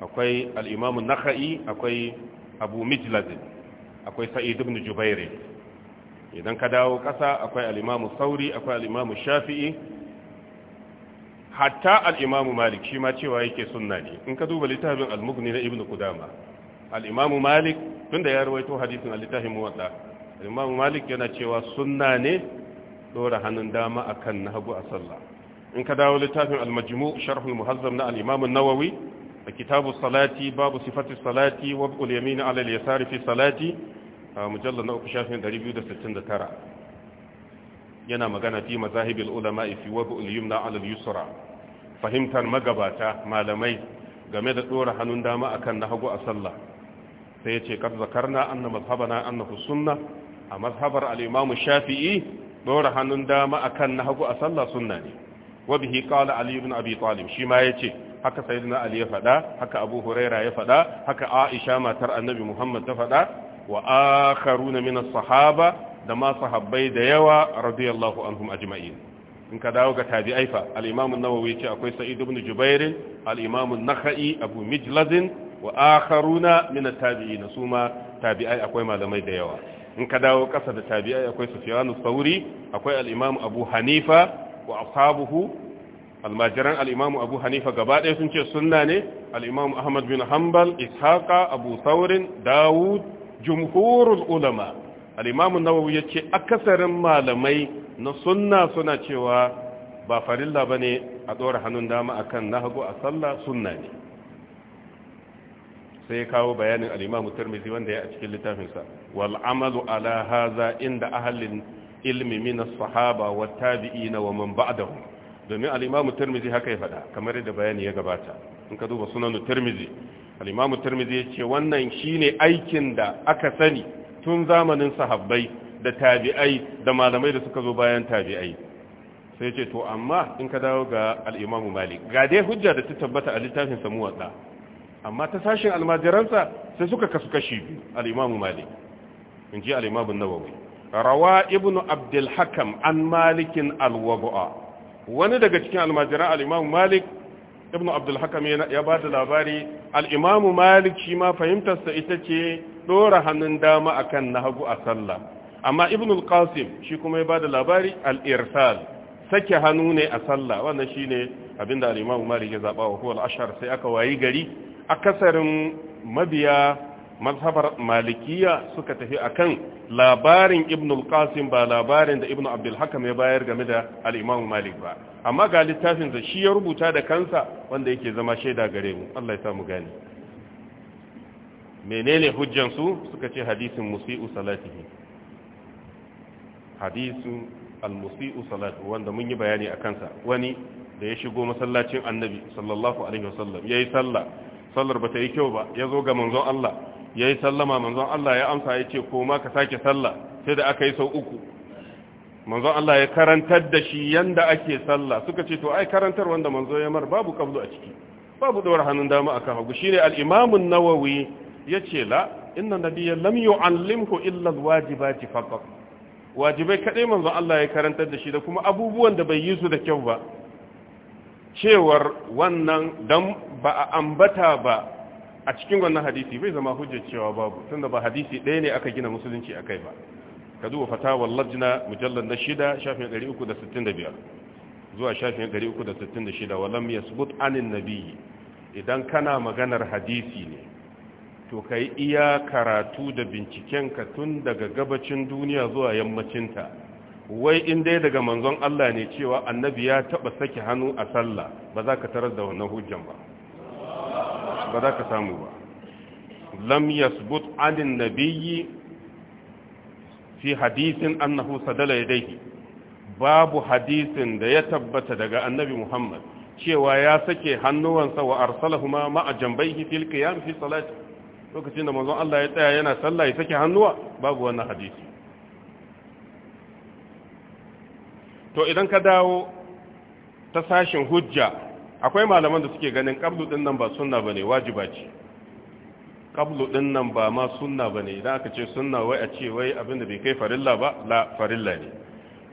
akwai al'imamu naka'i akwai abu mijlazin akwai sa'id ibn jubairi idan ka dawo ƙasa akwai al'imamu sauri akwai al'imamu shafi'i hatta al'imamu malik shi ma cewa yake sunna ne in ka duba littafin al-mughni na ibn kudama al'imamu malik tun da ya rawaito hadisin a littafin muwadda al'imamu malik yana cewa sunna ne ɗora hannun dama akan na hagu a sallah in ka dawo littafin al-majmu sharh muhazzam na al-imamu nawawi kitabu salati babu sifatu salati wa bil yamin ala al yasari salati yana magana fi ulama fi wa bil yumna ala al yusra fahimtar magabata malamai game da dora hannun dama akan na hagu a sallah sai yace kad zakarna anna mazhabana annahu sunna a mazhabar al imam shafi'i dora hannun dama akan na hagu a sallah sunna ne wa bihi qala ali ibn abi talib shi ma yace haka sayyidina ali ya faɗa haka abu huraira ya faɗa haka aisha matar annabi muhammad ta faɗa wa akharuna min as-sahaba da ma sahabbai da yawa radiyallahu anhum ajma'in in ka dawo ga tabi'ai fa al-imam an ce akwai sa'id ibn jubair al-imam an-nakhai abu mijlaz wa akharuna min at-tabi'in suma tabi'ai akwai malamai da yawa in ka dawo ƙasa da tabi'ai akwai sufyan ath akwai al abu hanifa wa ashabuhu almajiran al'imamu abu hanifa gaba ɗaya sun ce sunna ne al'imamu ahmad bin hanbal ishaqa abu saurin dawud jumhurul ulama al'imamu nawawi ya ce akasarin malamai na sunna suna cewa ba farilla ba ne a ɗora hannun dama akan na hagu a sallah sunna ne sai ya kawo bayanin al'imamu turmizi wanda ya a cikin littafinsa wal'amalu ala haza inda ahalin ilmi min sahaba wa tabi'ina wa man ba'dahum domin al’imamu imamu haka ya faɗa kamar yadda bayani ya gabata in ka duba sunan turmizi al’imamu imamu ya ce wannan shi ne aikin da aka sani tun zamanin sahabbai da tabi'ai da malamai da suka zo bayan tabi'ai sai ce to amma in ka dawo ga al’imamu imamu malik ga dai hujja da ta tabbata a littafin samu muwatta amma ta sashin almajiransa sai suka kasu kashi biyu al malik in ji al’imamu nawawi rawa ibnu abdul hakam an malikin al-wabu'a wani daga cikin almajiran al'imamu malik ibn abdulhakam ya ba da labari al'imamu malik shi ma fahimtarsa ita ce ɗora hannun dama akan na hagu a sallah amma ibn al-qasim shi kuma ya ba da labari al'irsal sake hannu ne a sallah wannan shi ne abinda al'imamu malik ya zaɓa wa kowal ashar sai aka wayi gari akasarin mabiya mazhabar malikiya suka tafi akan labarin ibn al-qasim ba labarin da ibn abdul hakam ya bayar game da al-imam malik ba amma ga littafin da shi ya rubuta da kansa wanda yake zama shaida gare mu Allah ya sa mu gane menene hujjan su suka ce hadisin musii'u salatihi hadisu al-musii'u salatu wanda mun yi bayani akan sa wani da ya shigo masallacin annabi sallallahu alaihi wasallam yayi sallah sallar bata yi kyau ba yazo ga manzon Allah ya yi sallama manzon Allah ya amsa ya ce koma ka sake sallah sai da aka yi sau uku manzon Allah ya karantar da shi yanda ake sallah suka ce to ai karantar wanda manzo ya mar babu kablu a ciki babu dawar hannun dama akan hagu shine ne imam an-Nawawi yace la inna nabiyya lam yu'allimhu illa al-wajibati faqat wajibai kadai manzon Allah ya karantar da shi da kuma abubuwan da bai yi su da kyau ba cewar wannan dan ba a ambata ba a cikin wannan hadisi bai zama hujjar cewa babu tunda ba hadisi ɗaya ne aka gina musulunci a kai ba ka duba fatawar lajina mujallar na shida shafin 365 zuwa shafin 366 walam yasbut anin nabiyyi idan kana maganar hadisi ne to kai iya karatu da binciken ka tun daga gabacin duniya zuwa yammacinta wai in dai daga manzon Allah ne cewa annabi ya taɓa saki hannu a sallah ba za ka tarar da wannan hujjan ba ba za ka samu ba lam yasbut anin nabiyyi fi hadisin annahu sadala yadayhi babu hadisin da ya tabbata daga annabi Muhammad cewa ya sake hannuwansa wa arsalahuma ma'a jambayhi fil qiyam fi salati lokacin da manzon Allah ya tsaya yana sallah ya sake hannuwa babu wannan hadisi to idan ka dawo ta sashin hujja akwai malaman da suke ganin kablu din nan ba sunna bane wajiba ce qablu din nan ba ma sunna bane idan aka ce sunna wai a ce wai abin bai kai farilla ba la farilla ne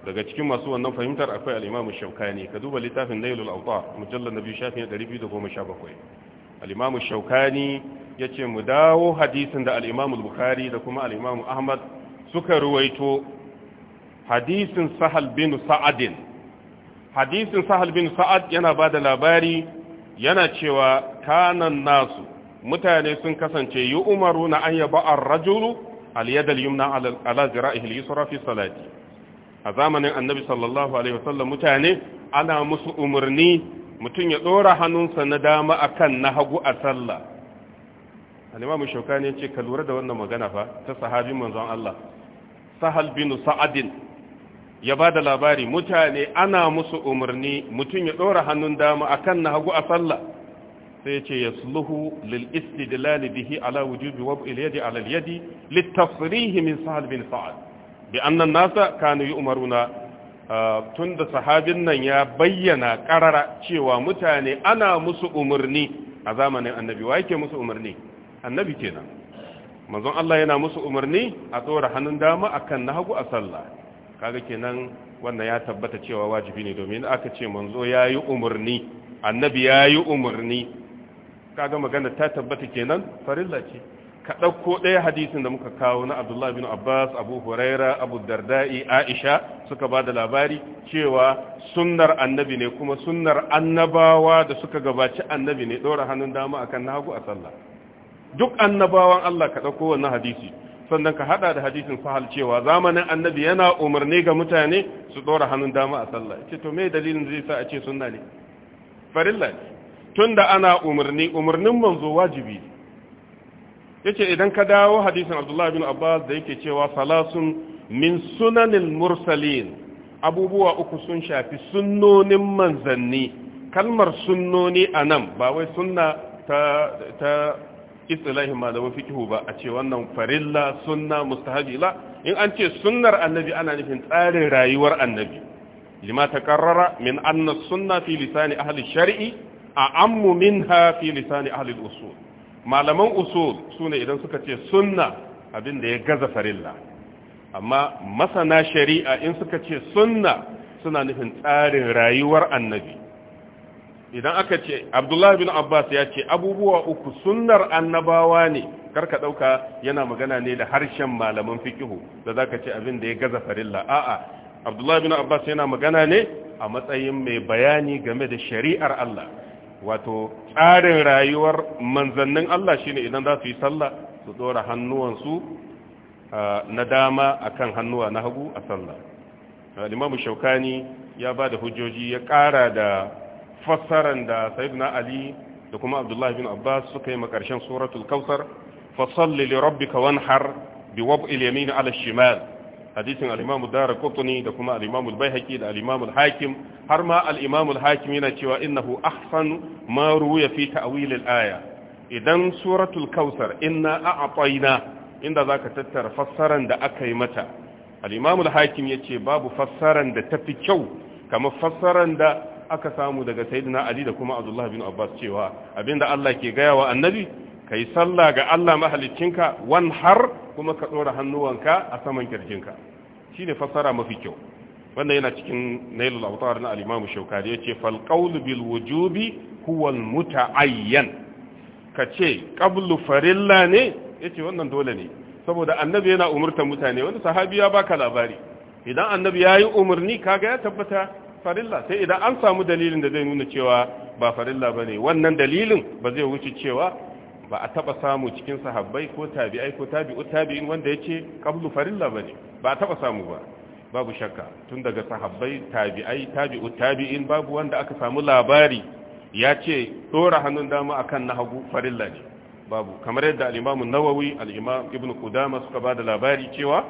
daga cikin masu wannan fahimtar akwai al-Imam Shawkani ka duba littafin Nailul Awtar mujallal nabi shafi 217 al-Imam Shawkani yace mu dawo hadisin da al-Imam Bukhari da kuma al-Imam Ahmad suka ruwaito hadisin Sahal bin Sa'adin hadisin sahal bin sa'ad yana ba da labari yana cewa kanan nasu mutane sun kasance yi umaru na an yaba an rajulu aliyadal yumna ala zira'ihi yusra fi salati a zamanin annabi sallallahu alaihi wasallam mutane ana musu umarni mutum ya dora hannunsa na dama akan na hagu a sallah al-imamu shaukani ya ce ka lura da wannan magana fa ta sahabi manzon Allah sahal bin sa'adin ya ba da labari mutane ana musu umarni mutum ya ɗora hannun dama akan na hagu a sallah sai ce ya suluhu lil istidlali bihi ala wujubi wa il yadi ala al yadi min sa'ad bin sa'ad bi anna nasa kanu tun ah, tunda sahabin nan ya bayyana karara cewa mutane ana musu umarni a zamanin annabi wa yake musu umarni annabi kenan manzon Allah yana musu umarni a tsora hannun dama akan na hagu a sallah kaga kenan wannan ya tabbata cewa wajibi ne domin aka ce manzo yayi umurni annabi yayi umurni kaga magana ta tabbata kenan farilla ce ka ɗauko ɗaya hadisin da muka kawo na abdullahi bin abbas abu huraira abu dardai aisha suka ba da labari cewa sunnar annabi ne kuma sunnar annabawa da suka gabaci annabi ne dora hannun dama akan na hagu a sallah duk annabawan allah ka ɗauko wannan hadisi sannan ka hada da hadisin sahal cewa zamanin annabi yana umarni ga mutane su dora hannun dama a sallah ce to me dalilin zai sa a ce sunna ne farilla ne tunda ana umarni umarnin manzo wajibi yace idan ka dawo hadisin Abdullah bin Abbas da yake cewa salasun min sunanil mursalin abubuwa uku sun shafi sunnonin manzanni kalmar sunnoni anan ba wai sunna ta ta istilahin malamin fikihu ba a ce wannan farilla sunna mustahabi la in an ce sunnar annabi ana nufin tsarin rayuwar annabi lima taqarrara min anna sunna fi lisani ahli shari'i a ammu minha fi lisani ahli usul malaman usul sune idan suka ce sunna abin da ya gaza farilla amma masana shari'a in suka ce sunna suna nufin tsarin rayuwar annabi idan aka ce abdullahi bin abbas ya ce abubuwa uku sunnar annabawa ne karka ɗauka yana magana ne da harshen malaman fikihu da zaka ce abin da ya gaza farilla a'a abdullahi bin abbas yana magana ne a matsayin mai bayani game da shari'ar allah wato tsarin rayuwar manzannin allah shine idan za su yi sallah su ɗora hannuwansu na dama akan hannuwa na hagu a sallah al shaukani ya ba da hujjoji ya ƙara da fassaran da sayyidina ali da kuma abdullahi bin abbas suka yi makarshen suratul kausar fasalli li rabbika wanhar bi wab'il yamin ala shimal hadisin al-imam ad-darqutni da kuma al-imam al-baihaqi da al-imam al-hakim har ma al-imam al-hakim yana cewa innahu ahsan ma ruwiya fi ta'wil al-aya idan suratul kausar inna a'tayna inda zaka tattara fassaran da aka yi mata al-imam al-hakim yace babu fassaran da tafi kyau kamar fassaran da aka samu daga sayyidina ali da kuma Abdullahi bin abbas cewa abinda Allah ke gaya wa annabi kai sallah ga Allah mahaliccinka wan har kuma ka dora hannuwanka a saman kirjinka shine fassara mafi kyau wanda yana cikin nailul awtar na al-imam shaukari yace fal qawlu bil wujubi huwa al muta'ayyan kace qablu farilla ne yace wannan dole ne saboda annabi yana umurtar mutane wanda sahabi ya baka labari idan annabi yayi umarni kaga ya tabbata farilla sai idan an samu dalilin da zai nuna cewa ba farilla ba ne wannan dalilin ba zai wuce cewa ba a taba samu cikin sahabbai ko tabi'ai ko tabi'u tabi'in wanda ya ce kablu farilla ba ne ba a taba samu ba babu shakka tun daga sahabbai tabi'ai tabi'u tabi'in babu wanda aka samu labari ya ce dora hannun dama akan na hagu farilla ne babu kamar yadda al nawawi alimam imam ibnu suka ba da labari cewa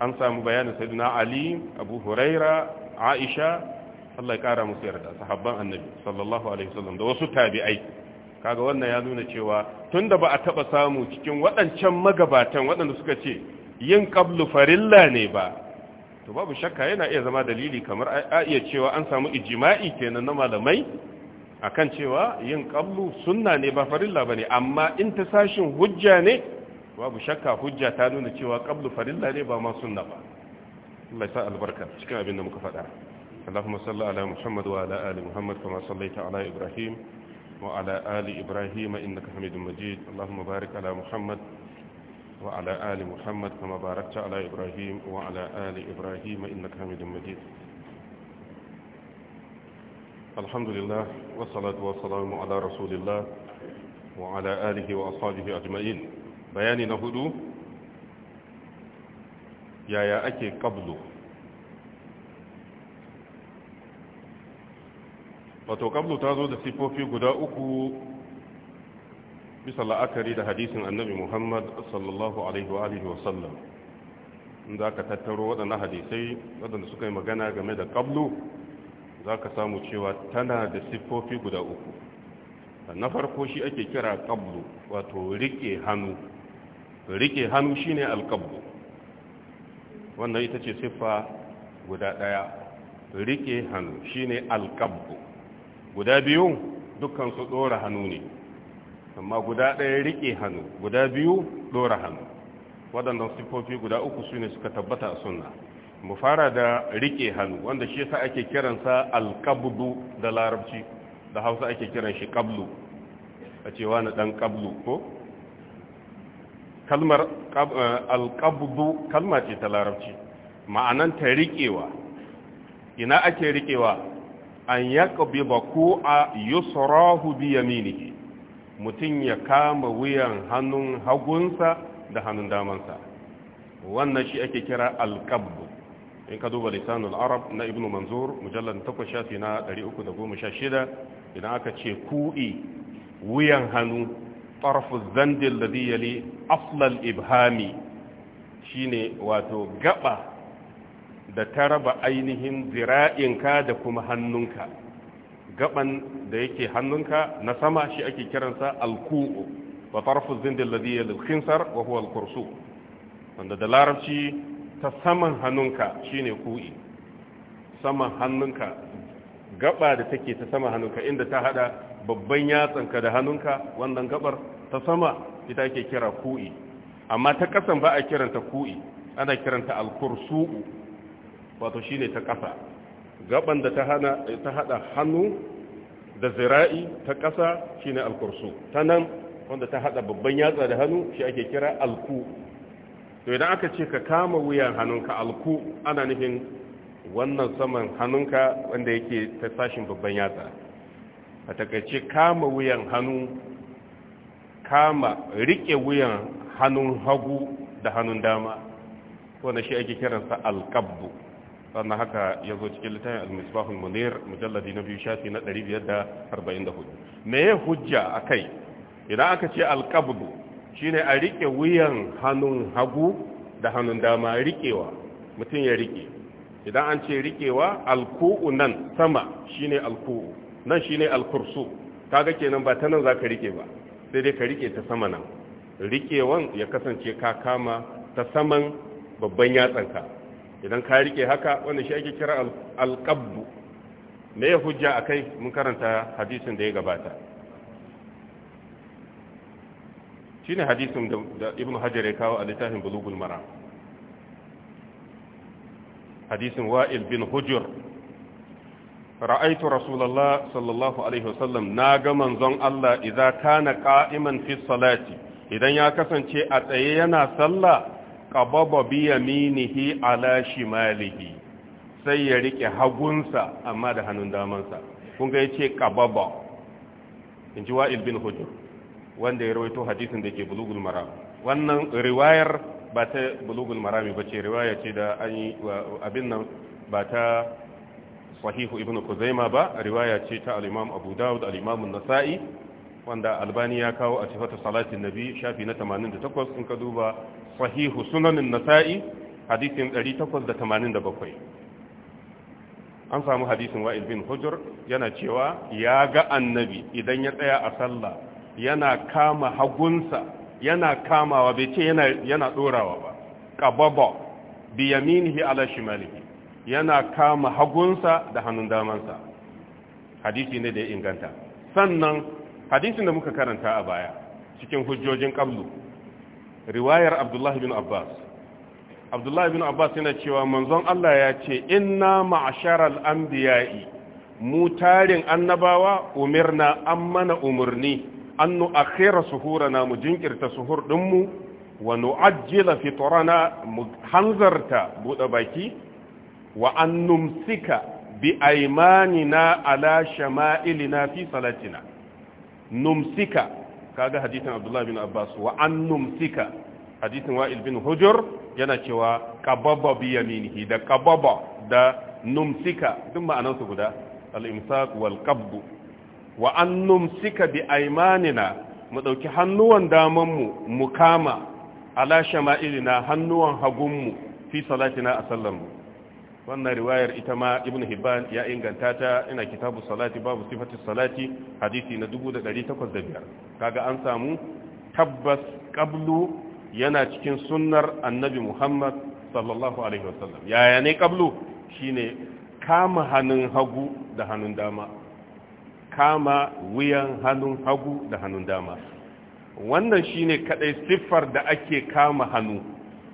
an samu bayanin sayyidina ali abu huraira aisha Allah ya kara musu yarda sahabban annabi sallallahu alaihi wasallam da wasu tabi'ai kaga wannan ya nuna cewa tunda ba a taba samu cikin waɗancan magabatan waɗanda suka ce yin qablu farilla ne ba to babu shakka yana iya zama dalili kamar a iya cewa an samu ijma'i kenan na malamai akan cewa yin qablu sunna ne ba farilla bane amma in ta sashin hujja ne babu shakka hujja ta nuna cewa qablu farilla ne ba ma sunna ba Allah ya sa albarka cikin abin da muka faɗa Allahumma salli ala Muhammad wa ala ali Muhammad kama sallaita ala Ibrahim wa ala ali Ibrahim innaka Hamidum Majid Allahumma barik ala Muhammad wa ala ali Muhammad kama barakta ala Ibrahim wa ala ali Ibrahim innaka Hamidum Majid Alhamdulillah wa salatu wa salamu ala Rasulillah wa ala alihi wa ashabihi ajma'in bayani na hudu yaya ake kablo wato kablo ta zo da sifofi guda uku bisa la'akari da hadisin annabi muhammad sallallahu alaihi wa sallam inda aka tattaro waɗannan hadisai waɗanda suka yi magana game da kablo za ka samu cewa tana da siffofi guda uku na farko shi ake kira kablo wato rike hannu rike hannu shine alkablo wannan ita ce siffa guda ɗaya rike hannu shine alƙabbu guda biyu dukkan su ɗora hannu ne amma guda ɗaya rike hannu guda biyu ɗora hannu waɗannan siffofi guda uku su ne suka tabbata a sunna mu fara da rike hannu wanda shi yasa ake kiransa alƙabdu da larabci da hausa ake kiran shi ƙablu a cewa na ɗan ƙablu ko kalmar eh, alƙabdu kalma ce ta larabci ma'ananta riƙewa ina ake riƙewa an ya ba ko a yusrahu bi yaminihi mutum ya kama wuyan hannun hagunsa da hannun damansa wannan shi ake kira alƙabdu in ka duba lisanul arab na ibnu manzur mujallar takwas shafi na 316 idan aka ce ku'i wuyan hannu tarfu zandi alladhi yali aflal ibhami shine wato gaba da ta raba ainihin zira'inka da kuma hannunka gaban da yake hannunka na sama shi ake kiransa alku'u wa tarfu zindi alladhi yali khinsar wa huwa alkursu da larabci ta saman hannunka shine ku'i saman hannunka gaba da take ta hannunka inda ta haɗa babban yatsanka da hannunka wannan gabar ta sama ita ake kira ku'i amma ta kasan ba a kiranta ku'i ana kiranta alkursu'u wato shine ta kasa gaban da ta hana hannu da zira'i ta kasa shine alkursu ta nan wanda ta hada babban yatsa da hannu shi ake kira alku to idan aka ce ka kama wuyan hannunka alku ana nufin wannan saman hannunka wanda yake ta sashin babban yatsa a takaice kama wuyan hannu kama rike wuyan hannun hagu da hannun dama wanda shi ake kiransa alƙabbu sannan haka ya zo cikin littafin al-misbahul munir mujalladi na biyu shafi na 544 me ya hujja a kai idan aka ce shi shine a rike wuyan hannun hagu da hannun dama rikewa mutum ya rike idan an ce rikewa alku'u nan sama shine alku'u nan shine alkursu kaga kenan ba ta nan zaka rike ba sai dai ka rike ta sama nan rikewan ya kasance ka kama ta saman babban yatsanka idan ka rike haka wanda shi ake kira alqabbu me ya hujja akai mun karanta hadisin da ya gabata shine hadisin da ibnu hajar ya kawo a littafin bulugul mara hadisin wa'il bin hujur ra'aitu rasulullah sallallahu alaihi wasallam na ga manzon Allah idza kana qa'iman fi salati idan ya kasance a tsaye yana sallah qababa bi yaminihi ala shimalihi sai ya rike hagunsa amma da hannun damansa kun ga yace qababa inji wa'il bin hujr wanda ya rawaito hadisin da ke bulugul maram wannan riwayar ba ta bulugul marami bace riwaya ce da an yi abin nan ba ta sahihu ibn kuzaima ba riwaya ce ta al-imam abu dawud al-imam an-nasa'i wanda albani ya kawo a cifata salatin nabi shafi na 88 in ka duba sahihu sunanin nasa'i hadisin 887 an samu hadisin wa'il bin hujur yana cewa ya ga annabi idan ya tsaya a sallah yana kama hagunsa yana kamawa bai ce yana yana dorawa ba qababa bi yaminihi ala shimalihi yana kama hagunsa da hannun damansa hadisi ne da ya inganta sannan hadisin da muka karanta a baya cikin hujjojin qablu riwayar abdullahi bin abbas abdullahi bin abbas yana cewa manzon Allah ya ce inna ma'asharal anbiya'i mu tarin annabawa umirna an mana umarni an suhura na mu jinkirta suhur dinmu wa nu'ajjila fitrana mu hanzarta bude baki wa an numsika bi aimanina ala shama'ilina fi salatina numsika kaga hadithin abdullahi bin abbas wa an numsika hadithin wa'il bin hujur yana cewa kababa bi da kababa da numsika duk ma'anansu guda al-imsak wal qabd wa an numsika bi aimanina mu ɗauki hannuwan damanmu mu kama ala shama'ilina hannuwan hagunmu fi salatina a sallanmu wannan riwayar ita ma ibn hibban ya inganta ta ina kitabu salati babu sifatu salati hadisi na 1805 kaga an samu tabbas qablu yana cikin sunnar annabi muhammad sallallahu alaihi wasallam yaya ne qablu shine kama hannun hagu da hannun dama kama wuyan hannun hagu da hannun dama wannan shine kadai siffar da ake kama hannu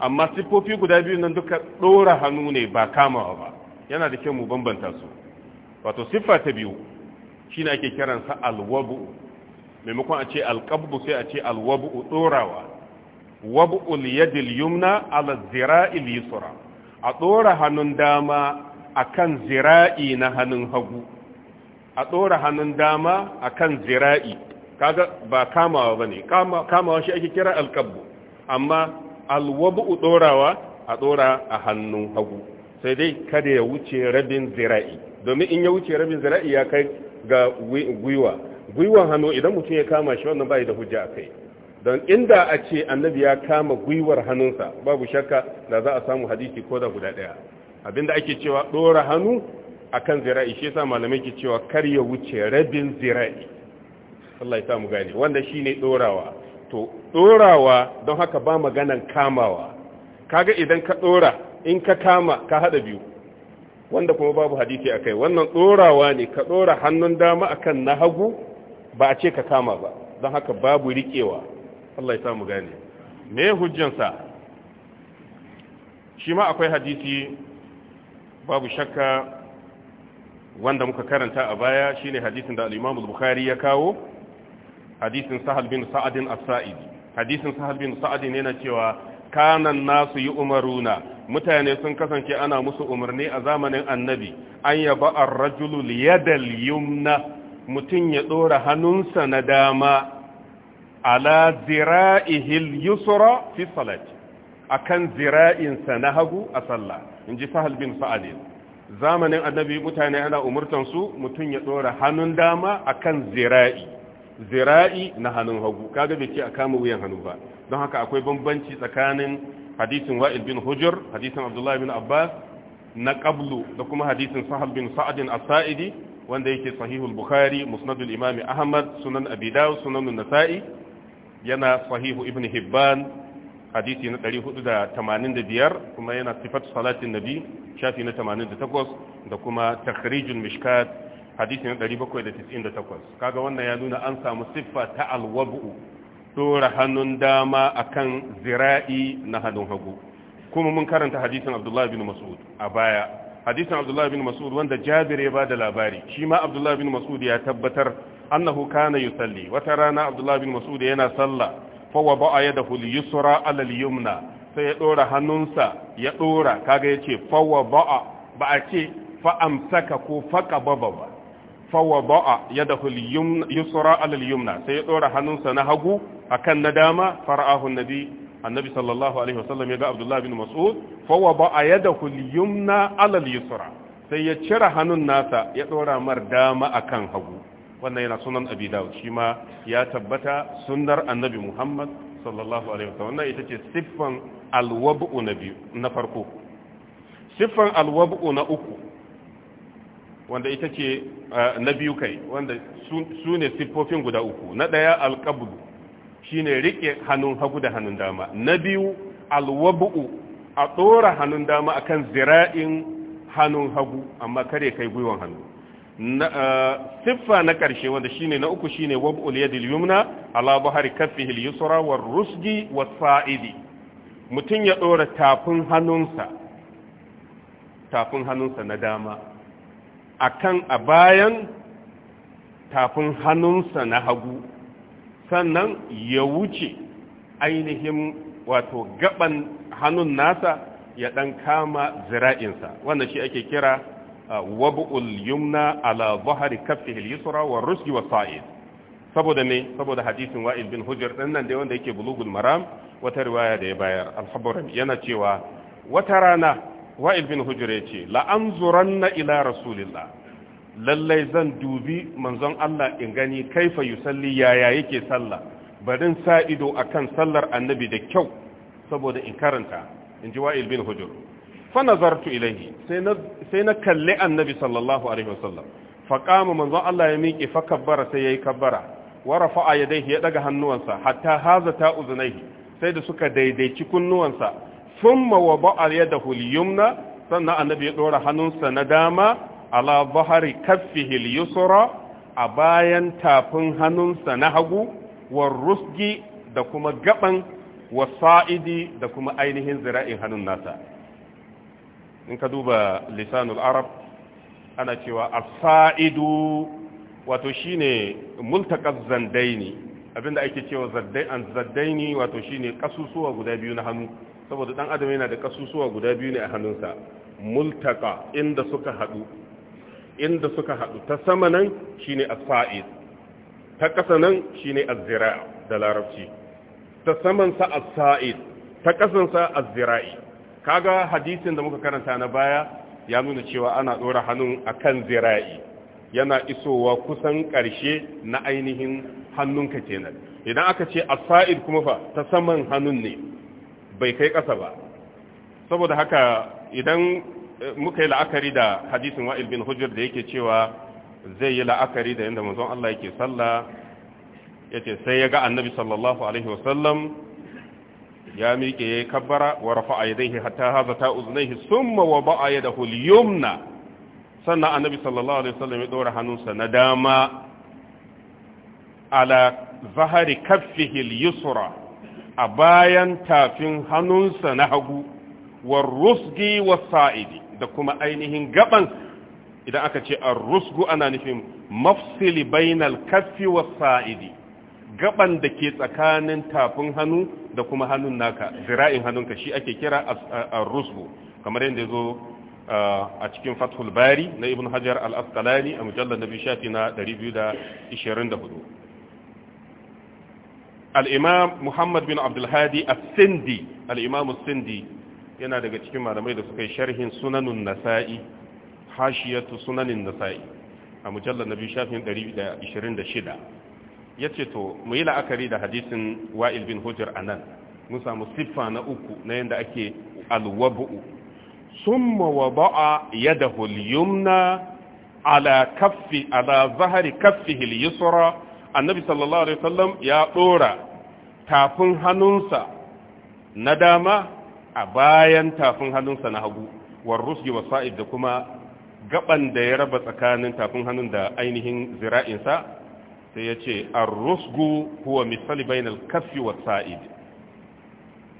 amma siffofi guda biyu nan duka ɗora hannu ne ba kamawa ba yana da kyau mu bambanta su wato siffa ta biyu shi ne ake kiransa alwabu maimakon a ce alƙabbu sai a ce alwabu ɗorawa ul yadil yumna ala zira'il yusra a ɗora hannun dama akan zira'i na hannun hagu a ɗora hannun dama kan zira'i kaga ba kamawa bane kamawa shi ake kira alƙabbu amma alwabu dorawa a dora a hannun hagu sai dai kada ya wuce rabin zira'i domin in ya wuce rabin zira'i ya kai ga gwiwa gwiwan hannu idan mutum ya kama shi wannan bai da hujja kai don inda a ce annabi ya kama gwiwar hannunsa babu shakka da za a samu hadisi ko da guda ɗaya abinda ake cewa dora hannu akan zira'i shi yasa malamai ke cewa kar ya wuce rabin zira'i Allah ya samu gane wanda shine dorawa to ɗorawa don haka ba maganan kamawa kaga idan ka ɗora in ka kama ka haɗa biyu wanda kuma babu hadisi akai wannan ɗorawa ne ka dora hannun dama akan na hagu ba a ce ka kama ba don haka babu riƙewa Allah ya samu gane me hujjansa shi ma akwai hadisi babu shakka wanda muka karanta a baya shine hadisin da al-Imam al-Bukhari ya kawo hadisin sahal bin sa'adin as-sa'idi hadisin sahal bin sa'adin na cewa kanan nasu yi umaruna mutane sun kasance ana musu umarni a zamanin annabi an yaba ar-rajulu liyadal yumna mutum ya dora hannunsa na dama ala zira'ihil yusra fi salati akan zira'insa na hagu a sallah in ji sahal bin sa'adin zamanin annabi mutane ana umurtansu mutum ya dora hannun dama akan zira'i zira'i na hannun hagu kaga bai ce a kama wuyan hannu ba don haka akwai bambanci tsakanin hadisin wa'il bin hujur hadisin abdullahi bin abbas na qablu da kuma hadisin sahal bin sa'adin as-sa'idi wanda yake sahihul bukhari musnadul imam ahmad sunan abi dawud sunan an-nasa'i yana sahihu ibn hibban hadisi na 485 kuma yana sifatu salatin nabi shafi na 88 da kuma takhrijul mishkat hadisi na 798 kaga wannan ya nuna an samu siffa ta alwabu ɗora hannun dama akan zira'i na hannun hagu kuma mun karanta hadisin abdullahi bin mas'ud a baya hadisin abdullahi bin mas'ud wanda jabir ya da labari shi ma abdullahi bin mas'ud ya tabbatar annahu kana yusalli wata rana abdullahi bin mas'ud yana sallah fa wada'a yadahu al-yusra ala al-yumna sai ya dora hannunsa ya dora kaga yace fa ba'a ba a ce fa amsaka ko faqa baba ba fawada'a yadahu al-yusra ala al-yumna sai ya dora hannunsa na hagu akan na dama fara'ahu nabi annabi sallallahu alaihi wasallam ya ga abdullahi bin mas'ud fawada'a yadahu al-yumna ala al-yusra sai ya cire hannun nasa ya dora mar dama akan hagu wannan yana sunan abi dawud shi ma ya tabbata sunnar annabi muhammad sallallahu alaihi wasallam wannan ita ce siffan alwabu na biyu na farko siffan alwabu na uku wanda ita ce eh, na biyu kai wanda su ne siffofin guda uku na ɗaya alƙabulu shi ne riƙe hannun hagu da hannun dama na biyu alwabu'u a ɗora hannun dama a kan zira'in hannun hagu amma kare kai gwiwan hannu eh, siffa na ƙarshe wanda shi ne na uku shine ne yadil yumna ala bahari kafin hilisura wa rusgi wa sa'idi mutum ya ɗora tafin hannunsa tafin hannunsa na dama akan a bayan tafin hannunsa na hagu sannan ya wuce ainihin wato gaban hannun nasa ya ɗan kama zira'insa wannan shi ake kira wabu'ul yumna ala zahari kaffihi hilisura yusra wa rusgi wa sa'id saboda me saboda hadisin wa'il bin hujjar ɗan nan da wanda yake bulugul maram wata riwaya da ya bayar alhabar yana cewa wata rana wa'il bin hujjar ce la'anzuran na ila rasulillah lallai zan dubi manzon Allah in gani kaifa yusalli yaya yake sallah barin sa ido akan sallar annabi da kyau saboda in karanta in ji wa'il bin hujjar fa nazartu ilaihi sai na kalli annabi sallallahu alaihi wasallam fa qama manzon Allah ya miƙe fa kabbara sai yayi kabbara wa rafa'a yadayhi ya daga hannuwansa hatta haza ta uzunaihi sai da suka daidaici kunnuwansa thumma wada'a ya al-yumna sannan annabi ya ɗora hannunsa na dama ala bahari kafi al a bayan tafin hannunsa na hagu wa rusgi da kuma gaban sa'idi da kuma ainihin zira'in hannun nasa in ka duba lisanul arab ana cewa a saidu wato shine multaqaz zandaini abinda ake cewa zandaini wato shine kasusuwa guda biyu na hannu saboda dan adam yana da kasusuwa guda biyu ne a hannunsa multaka inda suka hadu inda suka hadu ta sama nan shine as-sa'id ta kasa nan shine az-zira da larabci ta saman sa as ta kasan sa az-zira'i kaga hadisin da muka karanta na baya ya nuna cewa ana dora hannun akan zira'i yana isowa kusan karshe na ainihin hannunka kenan idan aka ce as kuma fa ta saman hannun ne bai kai ƙasa ba saboda haka idan eh, muka yi la'akari da hadisin wa'il bin hujjar da yake cewa zai yi la'akari da yadda manzon Allah yake sallah ya ce sai ya ga annabi sallallahu alaihi wasallam ya miƙe ya yi kabbara wa rafa a yadaihi hatta haza ta uzunaihi summa wa ba'a ya da hulyumna sannan annabi sallallahu alaihi wasallam ya ɗora hannunsa na dama ala zahari kaffihil yusra a bayan tafin hannunsa na hagu wa rusgi wa sa'idi da kuma ainihin gaban idan aka ce a rusgu ana nufin mafsili bainal kafi wa sa'idi gaban da ke tsakanin tafin hannu da kuma hannun naka zira'in hannunka shi ake kira a rusgu kamar yadda zo a cikin fathul bari na ibn hajar al a mujallar na shafi na 224 al'imam muhammad bin abdulhadi a sindi al'imamu sindi yana daga cikin malamai da suka yi sharhin sunanun nasa'i hashiyatu sunanin nasa'i a mujallar na biyu shafin 126 ya ce to mu yi la'akari da hadisin wa'il bin hujjar a nan mun samu siffa na uku na yadda ake alwabu'u sun mawaba'a yadda hulyumna ala kaffi ala zahari kaffi hilyusura annabi sallallahu alaihi wasallam ya dora tafin hannunsa na dama a bayan tafin hannunsa na hagu war wa sa'id da kuma gaban da ya raba tsakanin tafin hannun da ainihin zira'insa sai ya ce ar-rusgu huwa misali bainal kaffi sa'id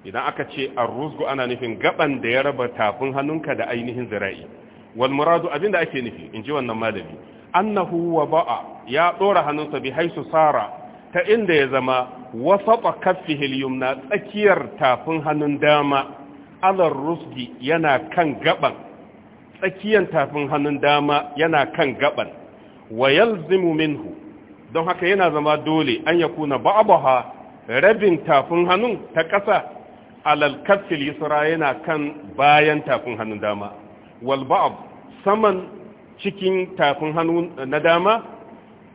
idan aka ce ar-rusgu ana nufin gaban da ya raba tafin hannunka da ainihin zira'i wal muradu abinda ake nufi in ji wannan malami annahu wa ba'a ya dora hannunsa bi haisu sara ta inda ya zama wasaqa kaffihi al tsakiyar tafin hannun dama alar rusgi yana kan gaban tsakiyar tafin hannun dama yana kan gaban wa yalzimu minhu don haka yana zama dole an kuna ba'daha rabin tafin hannun ta ƙasa alal kaffil yusra yana kan bayan tafin hannun dama wal ba'd saman cikin tafin hannu na dama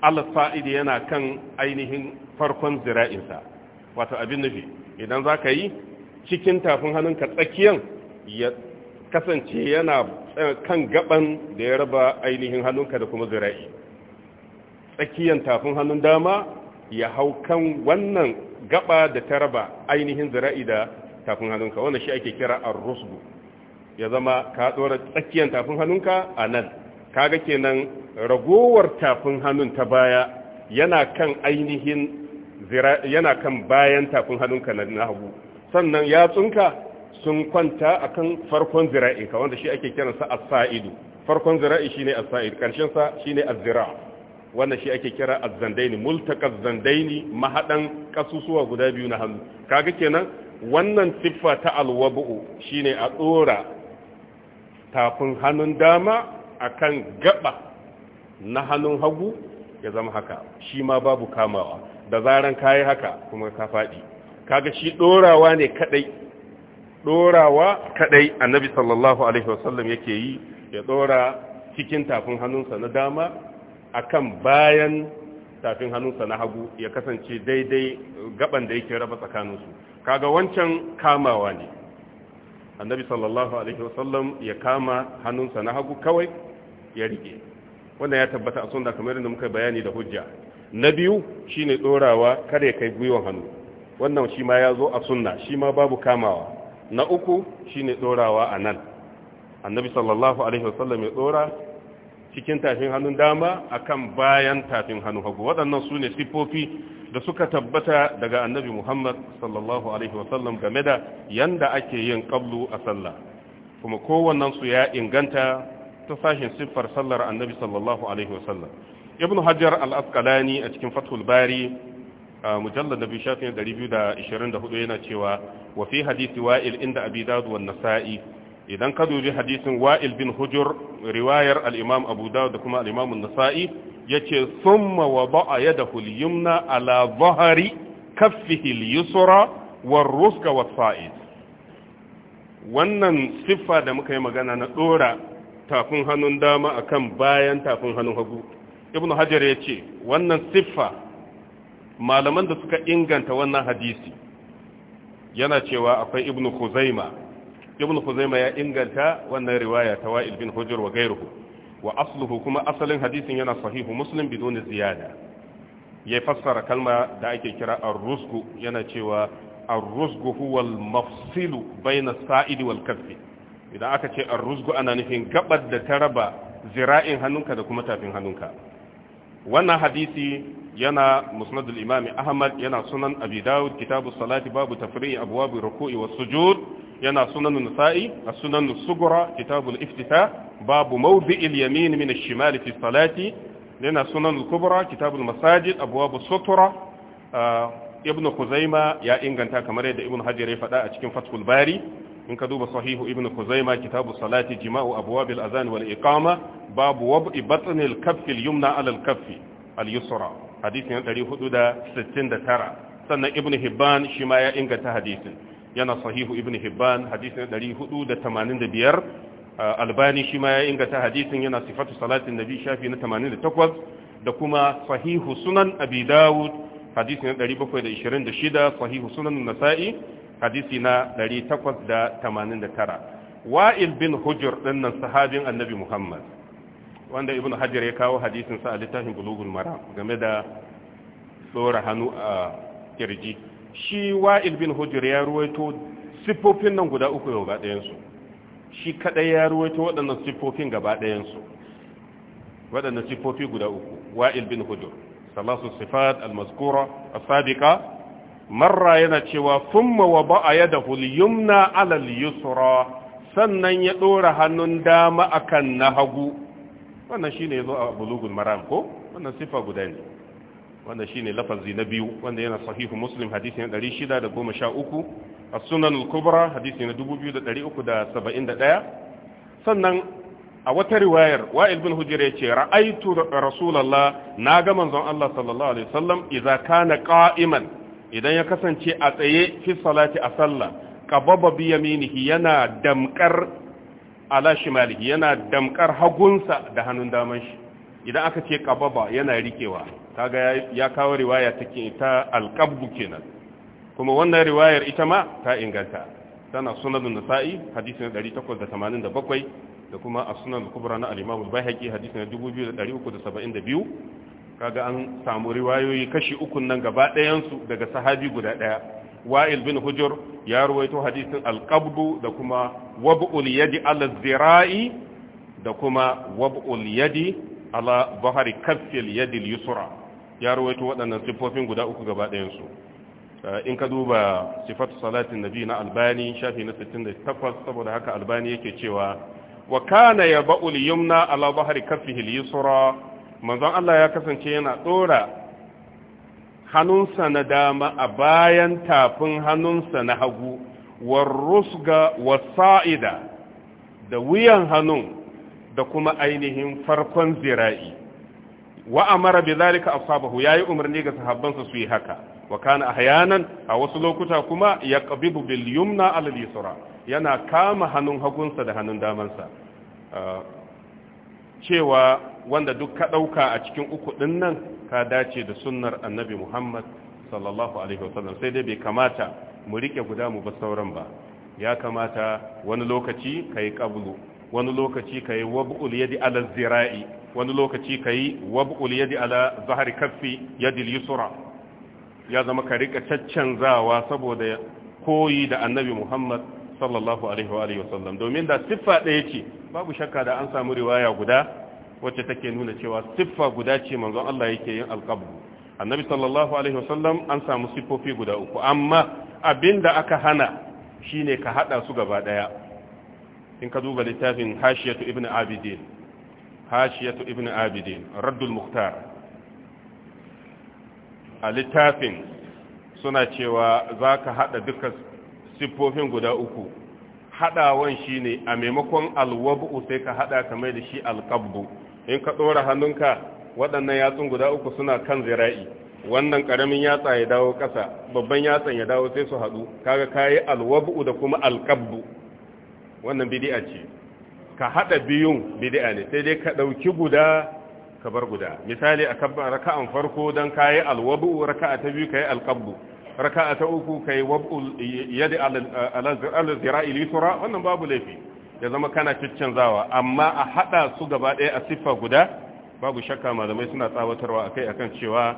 Allah fa’idi yana kan ainihin farkon zira'insa wato abin nufi idan za ka yi cikin tafin hannunka tsakiyan ya kasance yana kan gaban da ya raba ainihin hannunka da kuma zira'i tsakiyan tafin hannun dama ya hau kan wannan gaba da ta raba ainihin zira'i da tafin hannunka wanda shi ake kira ya zama ka tsora tsakiyan tafin hannunka a nan kaga kenan ragowar tafin hannun ta baya yana kan ainihin yana kan bayan tafin hannunka na hagu sannan yatsunka sun kwanta akan farkon zira'i ka wanda shi ake kiransa as-sa'idu farkon zira'i shine as-sa'id karshen sa shine az-zira wannan shi ake kira az-zandaini multaqaz zandaini mahadan kasusuwa guda biyu na hannu kaga kenan wannan siffa ta al-wabu shine a tsora tafin hannun dama akan gaba na hannun hagu ya zama haka shi ma babu kamawa da zaran kayi haka kuma ka faɗi kaga shi dorawa ne kadai dorawa kadai annabi sallallahu alaihi wasallam yake yi ya dora cikin tafin hannunsa na dama akan bayan tafin hannunsa na hagu ya kasance daidai gaban da yake raba tsakaninsu kaga wancan kamawa ne annabi sallallahu alaihi wasallam ya kama hannunsa na hagu kawai ya rike wannan ya tabbata a sunna kamar yadda muka bayani da hujja na biyu shine dorawa kare kai gwiwan hannu wannan shi ma ya zo a sunna shi ma babu kamawa na uku shine dorawa a nan annabi sallallahu alaihi wasallam ya dora cikin tafin hannun dama akan bayan tafin hannu hagu waɗannan su ne siffofi da suka tabbata daga annabi muhammad sallallahu alaihi wasallam game da yanda ake yin qablu a sallah kuma kowannen su ya inganta ta sashen siffar sallar annabi sallallahu alaihi wasallam ibn hajjar al-asqalani a cikin fathul bari mujallad nabi shafin 224 yana cewa wa fi hadisi wa'il inda abi dawud wa nasa'i idan ka duji hadisin wa'il bin hujur riwayar al-imam abu dawud da kuma al-imam an-nasa'i yace summa wada'a yadahu al-yumna ala dhahri kaffihi al-yusra war-ruska was-sa'id wannan siffa da muka yi magana na dora tafin hannun dama akan bayan tafin hannun hagu ibn hajar ya ce wannan siffa malaman da suka inganta wannan hadisi yana cewa akwai ibn khuzaima ibn khuzaima ya inganta wannan riwaya ta wa'il bin hujr wa gairuhu wa asluhu kuma asalin hadisin yana sahihu muslim bidon ziyada ya fassara kalma da ake kira ar-rusgu yana cewa ar-rusgu huwa al-mafsilu bayna as-sa'idi wal-kaffi idan aka ce ar-ruzgu ana nufin gabar da ta raba zira'in hannunka da kuma tafin hannunka wannan hadisi yana musnad imami ahmad yana sunan abi Dawud kitab salati babu tafri'i abwab ar-ruku'i was-sujud yana sunan Sa'i nasai as-sunan as kitabu al-iftita babu mawdi' al-yamin min ash-shimal fi salati yana sunan al-kubra kitabu al-masajid abwab as-sutra ah, ibn khuzaima ya inganta kamar yadda ibnu hajar ya faɗa a cikin fathul bari in ka duba sahihu ibn kuzaima kitabu salati jima'u abwabil azan wal iqama babu wab'i batnil kaffi al yumna ala al kaffi al yusra hadisin 469 sannan ibn hibban shi ma ya inganta hadisin yana sahihu ibn hibban hadisin 485 ah, albani shi ma ya inganta hadisin yana sifatu salatin nabi shafi na 88 da kuma sahihu sunan abi dawud hadisin 726 sahihu sunan nasa'i hadisi na 889 wa'il bin hujur dinnan sahabin annabi muhammad wanda ibn hajar ya kawo hadisin sa a littafin bulugul maram game da tsora hannu a kirji shi wa'il bin hujur ya ruwaito siffofin nan guda uku yau ba ɗayansu shi kaɗai ya ruwaito waɗannan siffofin gaba ɗayansu waɗannan siffofi guda uku wa'il bin hujur salasu sifat al-mazkura as-sabiqa marra yana cewa thumma wada'a yadahu al-yumna 'ala al-yusra sannan ya ɗora hannun dama akan na hagu wannan shi shine zo a bulugun maram ko wannan sifa guda ne wannan shi ne lafazi na biyu wanda yana sahihu muslim hadisi na 613 a sunan al-kubra hadisi na 2371 sannan a wata riwayar wa'il bin hujjar ya ce ra'aitu rasulallah na ga manzon Allah sallallahu alaihi wasallam idza kana qa'iman idan ya kasance a tsaye fi salati a sallah qababa bi yaminihi yana damkar ala shimalihi yana damkar hagunsa da hannun daman shi idan aka ce kababa yana rikewa kaga ya kawo riwaya take ta alqabbu kenan kuma wannan riwayar ita ma ta inganta tana sunan nasa'i hadisi na da kuma a sunan kubra na al-imam al-baihaqi hadisi na 2372 kaga an samu riwayoyi kashi uku nan gaba ɗayansu daga sahabi guda ɗaya wa'il bin hujur ya ruwaito hadisin alqabdu da kuma wab'ul yadi ala zira'i da kuma wab'ul yadi ala bahari kaffil yadi yusra ya ruwaito waɗannan siffofin guda uku gaba ɗayansu eh, in ka duba sifatu salatin nabi na albani shafi na 68 saboda haka albani yake cewa wa kana yab'ul yumna ala bahari kaffihi yusra manzon Allah ya kasance yana tsora hannunsa na dama a bayan tafin hannunsa na hagu warrusga wasa'ida da wuyan hannun da kuma ainihin farkon zira'i wa amara bi zalika ashabahu yayi umarni ga sahabbansa su yi haka wa kana ahyanan a wasu lokuta kuma yaqbidu bil yumna ala al yusra yana kama hannun hagunsa da hannun damansa ah, cewa wanda duk ka ɗauka a cikin uku ɗin nan ka dace da sunnar annabi muhammad sallallahu alaihi wasallam sai dai bai kamata mu riƙe guda mu ba sauran ba ya kamata wani lokaci ka yi ƙablu wani lokaci ka yi wab'ul yadi ala zira'i wani lokaci ka yi wab'ul yadi ala zahari kaffi yadil yusra ya zama ka riƙa caccanzawa saboda koyi da annabi muhammad sallallahu alaihi wa sallam domin da siffa ɗaya ce babu shakka da an samu riwaya guda wacce take nuna cewa siffa guda ce manzon Allah yake yin alqabu annabi sallallahu alaihi wasallam an samu siffofi guda uku amma abinda aka hana shine ka hada su gaba daya in ka duba littafin hashiyatu ibnu abidin hashiyatu ibnu abidin raddul muhtar a littafin suna cewa za ka hada duka siffofin guda uku hadawan shine a maimakon alwabu sai ka hada kamar da shi alƙabbu. in ka ɗora hannunka waɗannan yatsun guda uku suna kan zira'i wannan ƙaramin yatsa ya dawo ƙasa babban yatsan ya dawo sai su haɗu kaga kayi alwabu da kuma alƙabbu wannan bidi'a ce ka haɗa biyun bidi'a ne sai dai ka ɗauki guda ka bar guda misali a raka'an farko don kayi alwabu raka'a ta biyu kayi alƙabbu raka'a ta uku kayi wabu yadi alazira'i litura wannan babu laifi ya zama kana zawa amma a hada su gaba ɗaya a siffa guda babu shakka malamai suna tsawatarwa akai akan cewa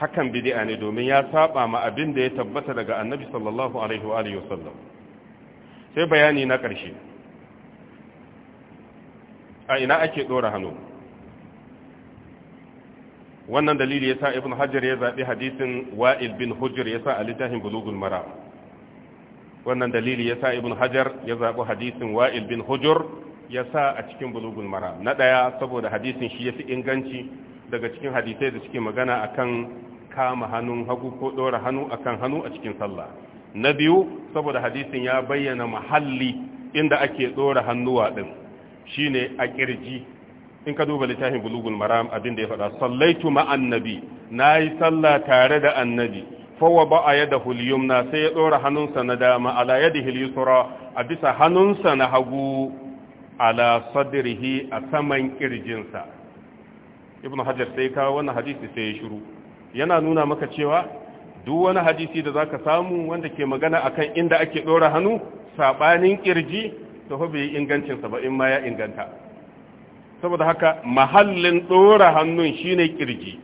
hakan bidi'a ne domin ya saba ma abin da ya tabbata daga annabi sallallahu alaihi wa alihi wasallam sai bayani na ƙarshe a ina ake dora hannu wannan dalili sa ibn hajar ya zaɓi hadisin wa'il bin ya sa a littafin bulugul mara wannan dalili sa ibn hajar ya zaɓi hadisin wa'il bin hujur sa a cikin bulugul mara na ɗaya saboda hadisin shi ya fi inganci daga cikin hadisai da cikin magana a kan kama hannun hagu ko ɗora hannu a kan hannu a cikin sallah na biyu saboda hadisin ya bayyana mahalli inda ake ɗora hannuwa din ne a ƙirji in ka duba littafin bulugul maram abin da ya faɗa sallaitu ma'annabi na yi sallah tare da annabi fawa ba a yada na sai ya ɗora hannunsa na dama ala yadda hilisura a bisa hannunsa na hagu ala sadrihi a saman kirjinsa ibn hajar sai kawo wannan hadisi sai ya shiru yana nuna maka cewa duk wani hadisi da za ka samu wanda ke magana akan inda ake ɗora hannu saɓanin ƙirji to fa bai ingancinsa ba in ma ya inganta saboda haka mahallin ɗora hannun shine ƙirji.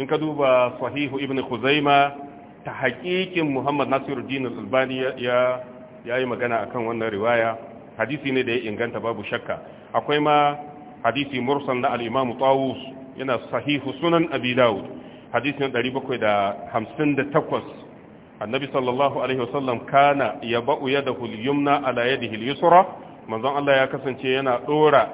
in ka duba sahihu ibn khuzaima ta haƙiƙin muhammad nasiruddin albani ya yi magana akan wannan riwaya hadisi ne da ya inganta babu shakka akwai ma hadisi mursal na al-imam tawus yana sahihu sunan abi dawud hadisin 758 annabi sallallahu alaihi wasallam kana ya yadahu al-yumna ala yadihi al-yusra manzon Allah ya kasance yana dora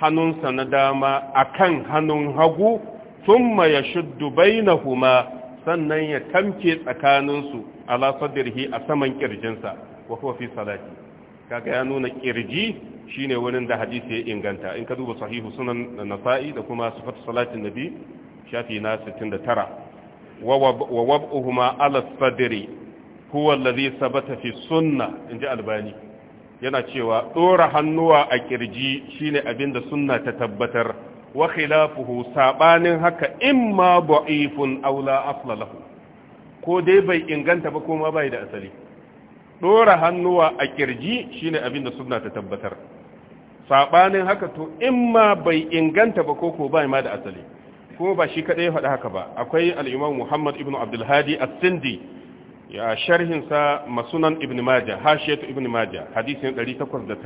hannunsa na dama akan hannun hagu thumma yashuddu bainahuma sannan ya kamke tsakaninsu ala sadrihi a saman kirjinsa wa fi salati kaga ya nuna kirji shine wurin da hadisi ya inganta in ka duba sahihu sunan nasa'i da kuma sifatu salatin nabi shafi na 69 wa wab'uhuma ala sadri huwa alladhi sabata fi sunna inji albani yana cewa dora hannuwa a kirji shine abinda sunna ta tabbatar wa khilafuhu sabanin haka imma da'ifun aw la asla ko dai bai inganta ba kuma bai da asali dora hannuwa a kirji shine abin da sunna ta tabbatar sabanin haka to ma bai inganta ba ko ko bai ma da asali ko ba shi ya faɗa haka ba akwai al-imam Muhammad ibn Abdul Hadi as-Sindi ya sharhin sa masunan ibn Majah hashiyatu ibn Majah hadisin 809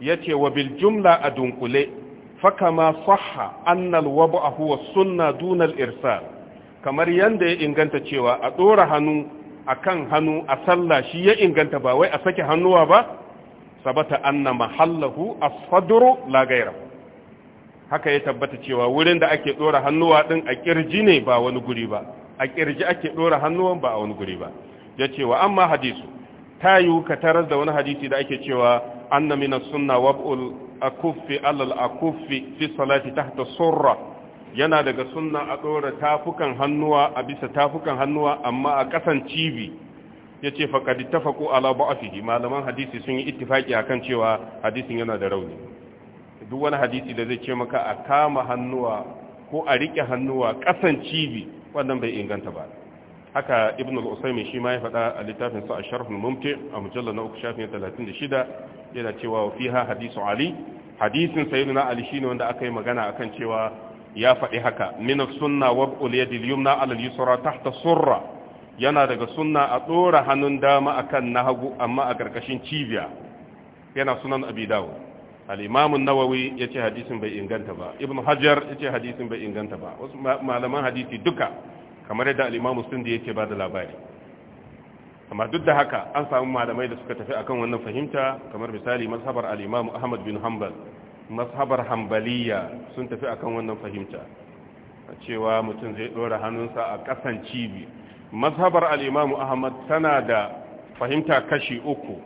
yace wa bil jumla dunkule. fakama faha annal a huwa suna duna irsal kamar yadda ya inganta cewa a ɗora hannu a kan hannu a sallah shi ya inganta ba wai a sake hannuwa ba sabata anna mahallahu as la haka ya tabbata cewa wurin da ake ɗora hannuwa ɗin a ƙirji ne ba wani guri ba a kirji ake ɗora hannuwan ba a wani guri ba ya cewa amma hadisu tayu ka tarar da wani hadisi da ake cewa anna min sunna wab'ul akuffi alal akuffi fi salati tahta surra yana daga sunna a dora tafukan hannuwa a bisa tafukan hannuwa amma a kasan cibi yace kad tafaqu ala ba'fihi malaman hadisi sun yi ittifaki akan cewa hadisin yana da rauni duk wani hadisi da zai ce maka a kama hannuwa ko a rike hannuwa kasan cibi wannan bai inganta ba haka ibn al-usaymi shi ma ya faɗa a littafin sa asharh al-mumti a mujallal na uku shafin 36 yana cewa fiha hadisu ali hadisin sayyidina ali shine wanda aka yi magana akan cewa ya faɗi haka min sunna wab'ul yadi al-yumna ala al-yusra tahta surra yana daga sunna a dora hannun dama akan na hagu amma a karkashin cibiya yana sunan abi dawud al-imam an-nawawi yace hadisin bai inganta ba ibn hajar yace hadisin bai inganta ba wasu malaman hadisi duka kamar yadda al'imamu sun da yake ba da labari amma duk da haka an samu malamai da suka tafi akan wannan fahimta kamar misali mazhabar al'imamu ahmad bin hanbal mazhabar hanbaliya sun tafi akan wannan fahimta cewa mutum zai ɗora hannunsa a ƙasan cibi mazhabar al'imamu ahmad tana da fahimta kashi uku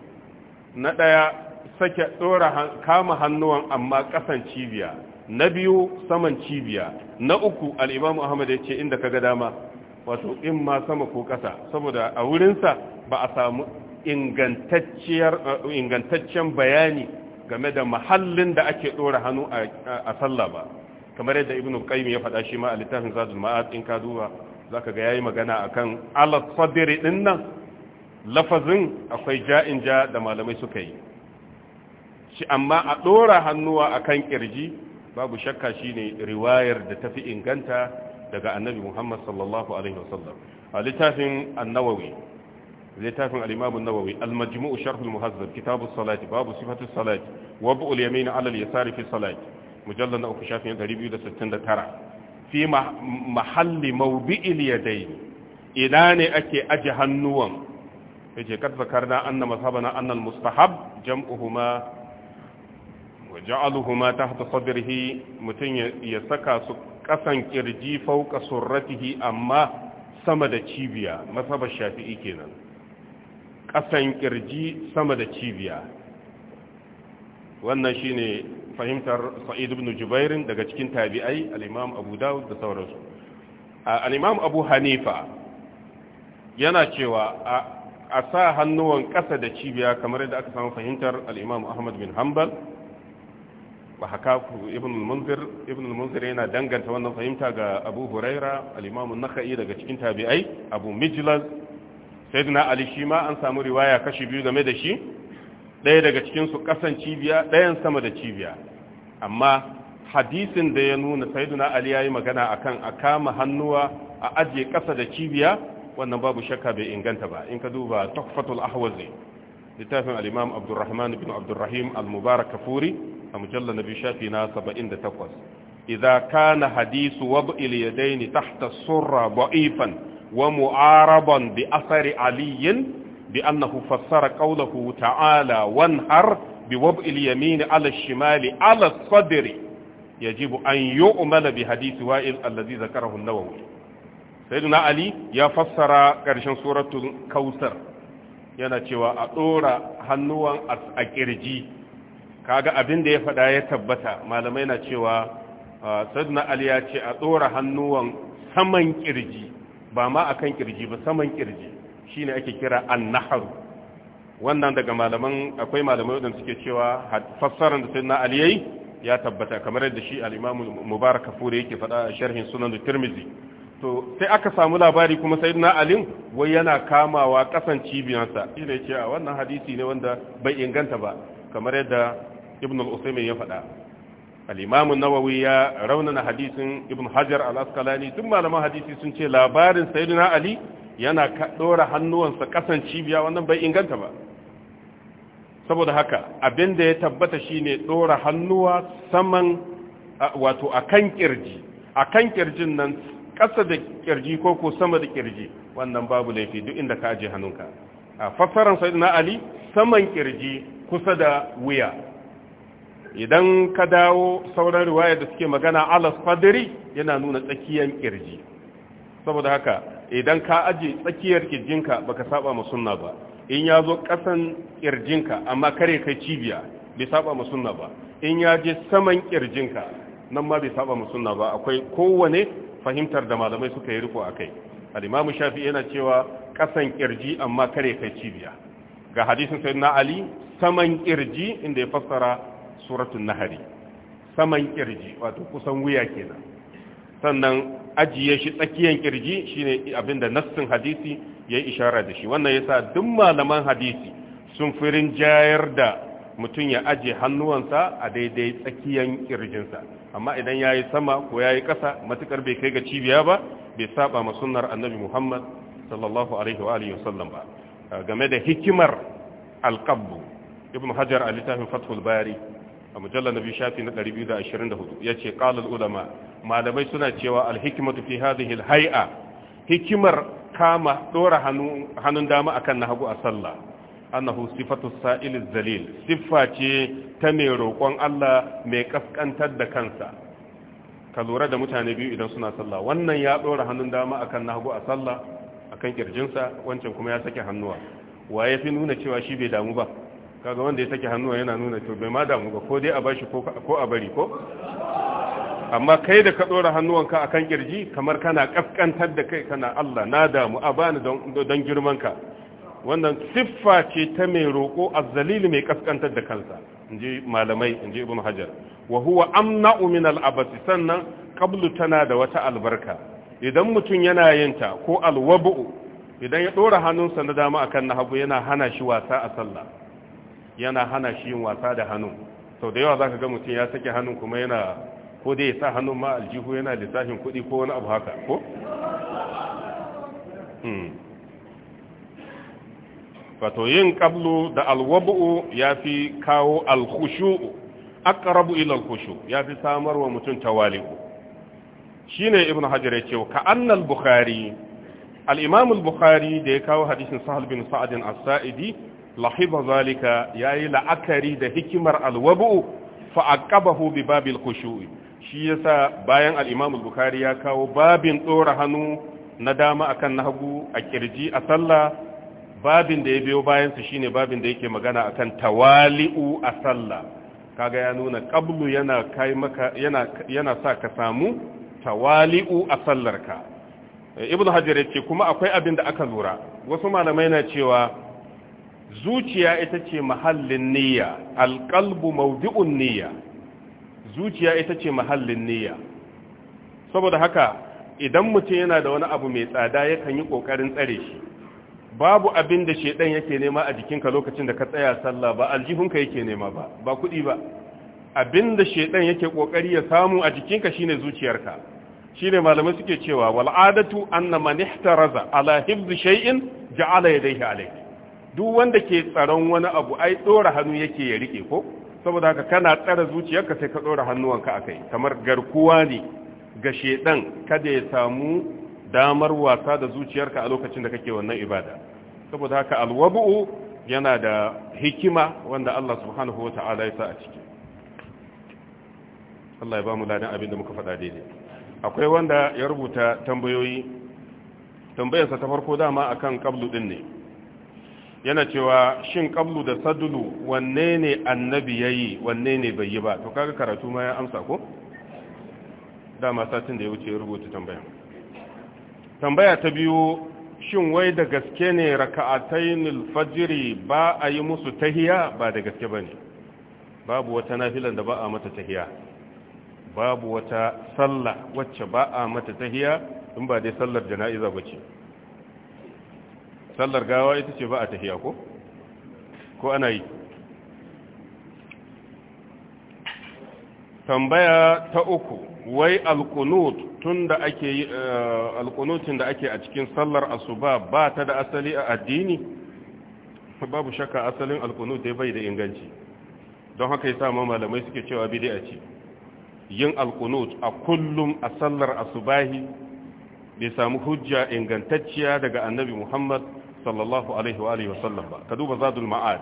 na ɗaya sake ɗora kama hannuwan amma ƙasan cibiya na biyu saman cibiya na uku al'imamu ahmad ya ce inda ka ga dama wato in ma sama ko ƙasa saboda a wurinsa ba a samu eh, ingantaccen bayani game da mahallin da ake ɗora hannu a sallah ba kamar yadda ibn qayyim ya faɗa shi ma a littafin zadul ma'ad in ka duba zaka ga yayi magana akan ala sadri din nan lafazin akwai ja'in ja da malamai suka yi shi amma a ɗora hannuwa akan kirji babu shakka shine riwayar da tafi inganta daga annabi Muhammad sallallahu alaihi wasallam a littafin annawawi littafin al-imam an-nawawi al-majmu' sharh al-muhazzab kitab as babu sifatu as-salati wa bu'ul yamin 'ala al-yasari fi as mujallad shafin 269 fi mahalli yadayn ina ne ake aje hannuwan yace kad zakarna anna mazhabana anna al-mustahab jam'uhuma وجعلهما تحت صدره ƙasan kirji fauka surratihi amma sama da cibiya masabar shafi'i kenan ƙasan kirji sama da cibiya wannan shine fahimtar sa'id ibn jubair daga cikin tabi'ai al-imam abu dawud da sauransu al-imam abu hanifa yana cewa a sa hannuwan ƙasa da cibiya kamar yadda aka samu fahimtar al-imam ahmad bin hanbal bahakafu ibn munzir ibn munzir yana danganta wannan fahimta ga abu huraira al-imam an-nakhai daga cikin tabi'ai abu mijlaz sayyidina ali shi ma an samu riwaya kashi biyu game da shi ɗaya daga cikin su kasan cibiya ɗayan sama da cibiya amma hadisin da ya nuna sayyidina ali yayi magana akan a kama hannuwa a aje ƙasa da cibiya wannan babu shakka bai inganta ba in ka duba tuhfatul ahwazi littafin al-imam abdurrahman ibn abdurrahim al-mubarak kafuri a mujallar na shafi na Iza idza kana hadisu wab'il yadaini tahta surra ba'ifan wa mu'araban bi asari aliyin bi annahu fassara qawluhu ta'ala har bi wab'il yamini 'ala ash-shimali 'ala as-sadri yajibu an yu'mala bi hadisi wa'il alladhi zakarahu an-nawawi sayyidina ali ya fassara ƙarshen suratun kautar yana cewa a ɗora hannuwan a ƙirji. kaga abin da ya faɗa ya tabbata malamai na cewa sadna ali ya ce a tsora hannuwan saman kirji ba ma akan kirji ba saman kirji shine ake kira annaharu wannan daga malaman akwai malamai wadanda suke cewa fassarar da sayyidina ali yayi ya tabbata kamar yadda shi al-imam mubarak yake faɗa a sharhin sunan tirmidhi to sai aka samu labari kuma sayyidina ali wai yana kamawa kasan cibiyansa shine ce a wannan hadisi ne wanda bai inganta ba kamar yadda ibn al-usaymin ya faɗa al-imam an-nawawi ya raunana hadisin ibn hajar al-asqalani duk malaman hadisi sun ce labarin sayyidina ali yana dora hannuwansa kasan cibiya wannan bai inganta ba saboda haka abinda ya tabbata shine dora hannuwa saman wato akan kirji akan kirjin nan kasa da kirji ko ko sama da kirji wannan babu laifi duk inda ka aje hannunka a fassaran sayyidina ali saman kirji kusa da wuya idan ka dawo sauran riwaya da suke magana alas fadiri yana nuna tsakiyar kirji saboda haka idan ka aje tsakiyar kirjinka baka saba ma sunna ba in ya zo kasan kirjinka amma kare kai cibiya bai saba ma sunna ba in ya je saman kirjinka nan ma bai saba ma sunna ba akwai kowane fahimtar da malamai suka yi riko akai al-imam shafi yana cewa kasan kirji amma kare kai cibiya ga hadisin sayyidina ali saman kirji inda ya fassara suratun nahari saman kirji wato kusan wuya kenan sannan ajiye shi tsakiyan kirji shine abinda nassin hadisi ya yi ishara da shi wannan yasa duk malaman hadisi sun firin jayar da mutum ya aje hannuwansa a daidai tsakiyan kirjinsa amma idan ya yi sama ko ya yi ƙasa matuƙar bai kai ga cibiya ba bai saba ma sunnar annabi muhammad sallallahu alaihi wa alihi wasallam ba game da hikimar alqabbu ibn hajar a littafin fathul bari a mujallar biyu shafi na 224 ya ce al ulama malamai suna cewa alhikimatu fi hadhihi hikimar kama dora hannun dama akan na hagu a sallah annahu sifatu sa'il zalil siffa ce ta mai roƙon Allah mai kaskantar da kansa ka lura da mutane biyu idan suna sallah wannan ya dora hannun dama akan na hagu a sallah akan ƙirjinsa wancan kuma ya sake hannuwa wa ya fi nuna cewa shi bai damu ba kaga wanda ya take hannuwa yana nuna to bai ma damu ba ko dai a bashi ko a bari ko amma kai da ka dora hannuwanka akan kirji kamar kana kaskantar da kai kana Allah na damu a bani don girman ka wannan siffa ce ta mai roko azzalil mai kaskantar da kansa inji malamai inji ibn hajar wa huwa amna'u min al-abasi sannan qablu tana da wata albarka idan mutun yana yinta ko wab'u idan ya dora hannunsa na dama akan na hagu yana hana shi wasa a sallah yana hana shi yin wasa da hannu sau da yawa za ka ga mutum ya sake hannun kuma yana ko dai ya sa hannun ma aljihu yana lissafin kuɗi ko wani abu haka ko? Hmm. wato yin ƙablu da alwabu ya fi kawo alkushu rabu ila alkushu ya fi samar wa mutum tawali'u shi ne ibn hajjar ya ce ka annal bukhari al'imamul bukhari da ya kawo hadisin sahal bin sa'adin as-sa'idi lahiba zalika ya yi la'akari da hikimar alwabu fa aqabahu bi babil khushu'i shi yasa bayan al-Imam al-Bukhari ya kawo babin dora hannu na dama akan nahagu a kirji a sallah babin da ya biyo bayan su shine babin da yake magana akan tawali'u a sallah kaga ya nuna qablu yana kai maka yana yana sa ka samu tawali'u a sallarka ibnu hajar yace kuma akwai abin da aka lura wasu malamai na cewa zuciya ita ce mahallin niyya alƙalbu maudu'un niyya zuciya ita ce mahallin niyya saboda haka idan mutum yana da wani abu mai tsada yakan yi ƙoƙarin tsare shi babu abin da shedan yake nema a jikinka lokacin da ka tsaya sallah ba aljihunka yake nema ba ba kuɗi ba abin da shedan yake ƙoƙari ya samu a jikinka shine zuciyarka shine malamai suke cewa wal adatu anna nihtaraza ala hibzi shay'in ja'ala yadayhi alayhi duk wanda ke tsaron wani abu ai dora hannu yake ya rike ko saboda haka kana tsara zuciyarka sai ka dora hannuwanka akai kamar garkuwa ne ga shedan kada ya samu damar wasa da zuciyarka a lokacin da kake wannan ibada saboda haka alwabu yana da hikima wanda Allah subhanahu wata'ala ya sa a ciki Allah ya ba mu ladan abin da muka faɗa daidai akwai wanda ya rubuta tambayoyi tambayarsa ta farko dama akan qablu din ne yana cewa shin qablu da sadulu wanne ne annabi yayi wanne ne bai yi ba to kaga karatu ma ya amsa ko dama satin da ya wuce rubuta tambaya tambaya ta biyu shin wai da gaske ne al fajri ba a yi musu tahiya ba da gaske bane babu wata nafilan da ba a mata tahiya babu wata sallah wacce ba a mata tahiya in ba dai sallar jana'iza bace sallar gawa ita ce ba a tafiya ko ko ana yi tambaya ta uku wai alkunut tun da ake eh, alkunutin da ake a cikin sallar asuba ba ta da asali a addini babu shakka asalin alkunut dai bai da inganci don haka yasa ma malamai suke cewa bid'a ce yin alkunut a kullum a sallar asubahi bai samu hujja ingantacciya daga annabi Muhammad sallallahu alaihi wa alihi wasallam ba ka duba zadul ma'ad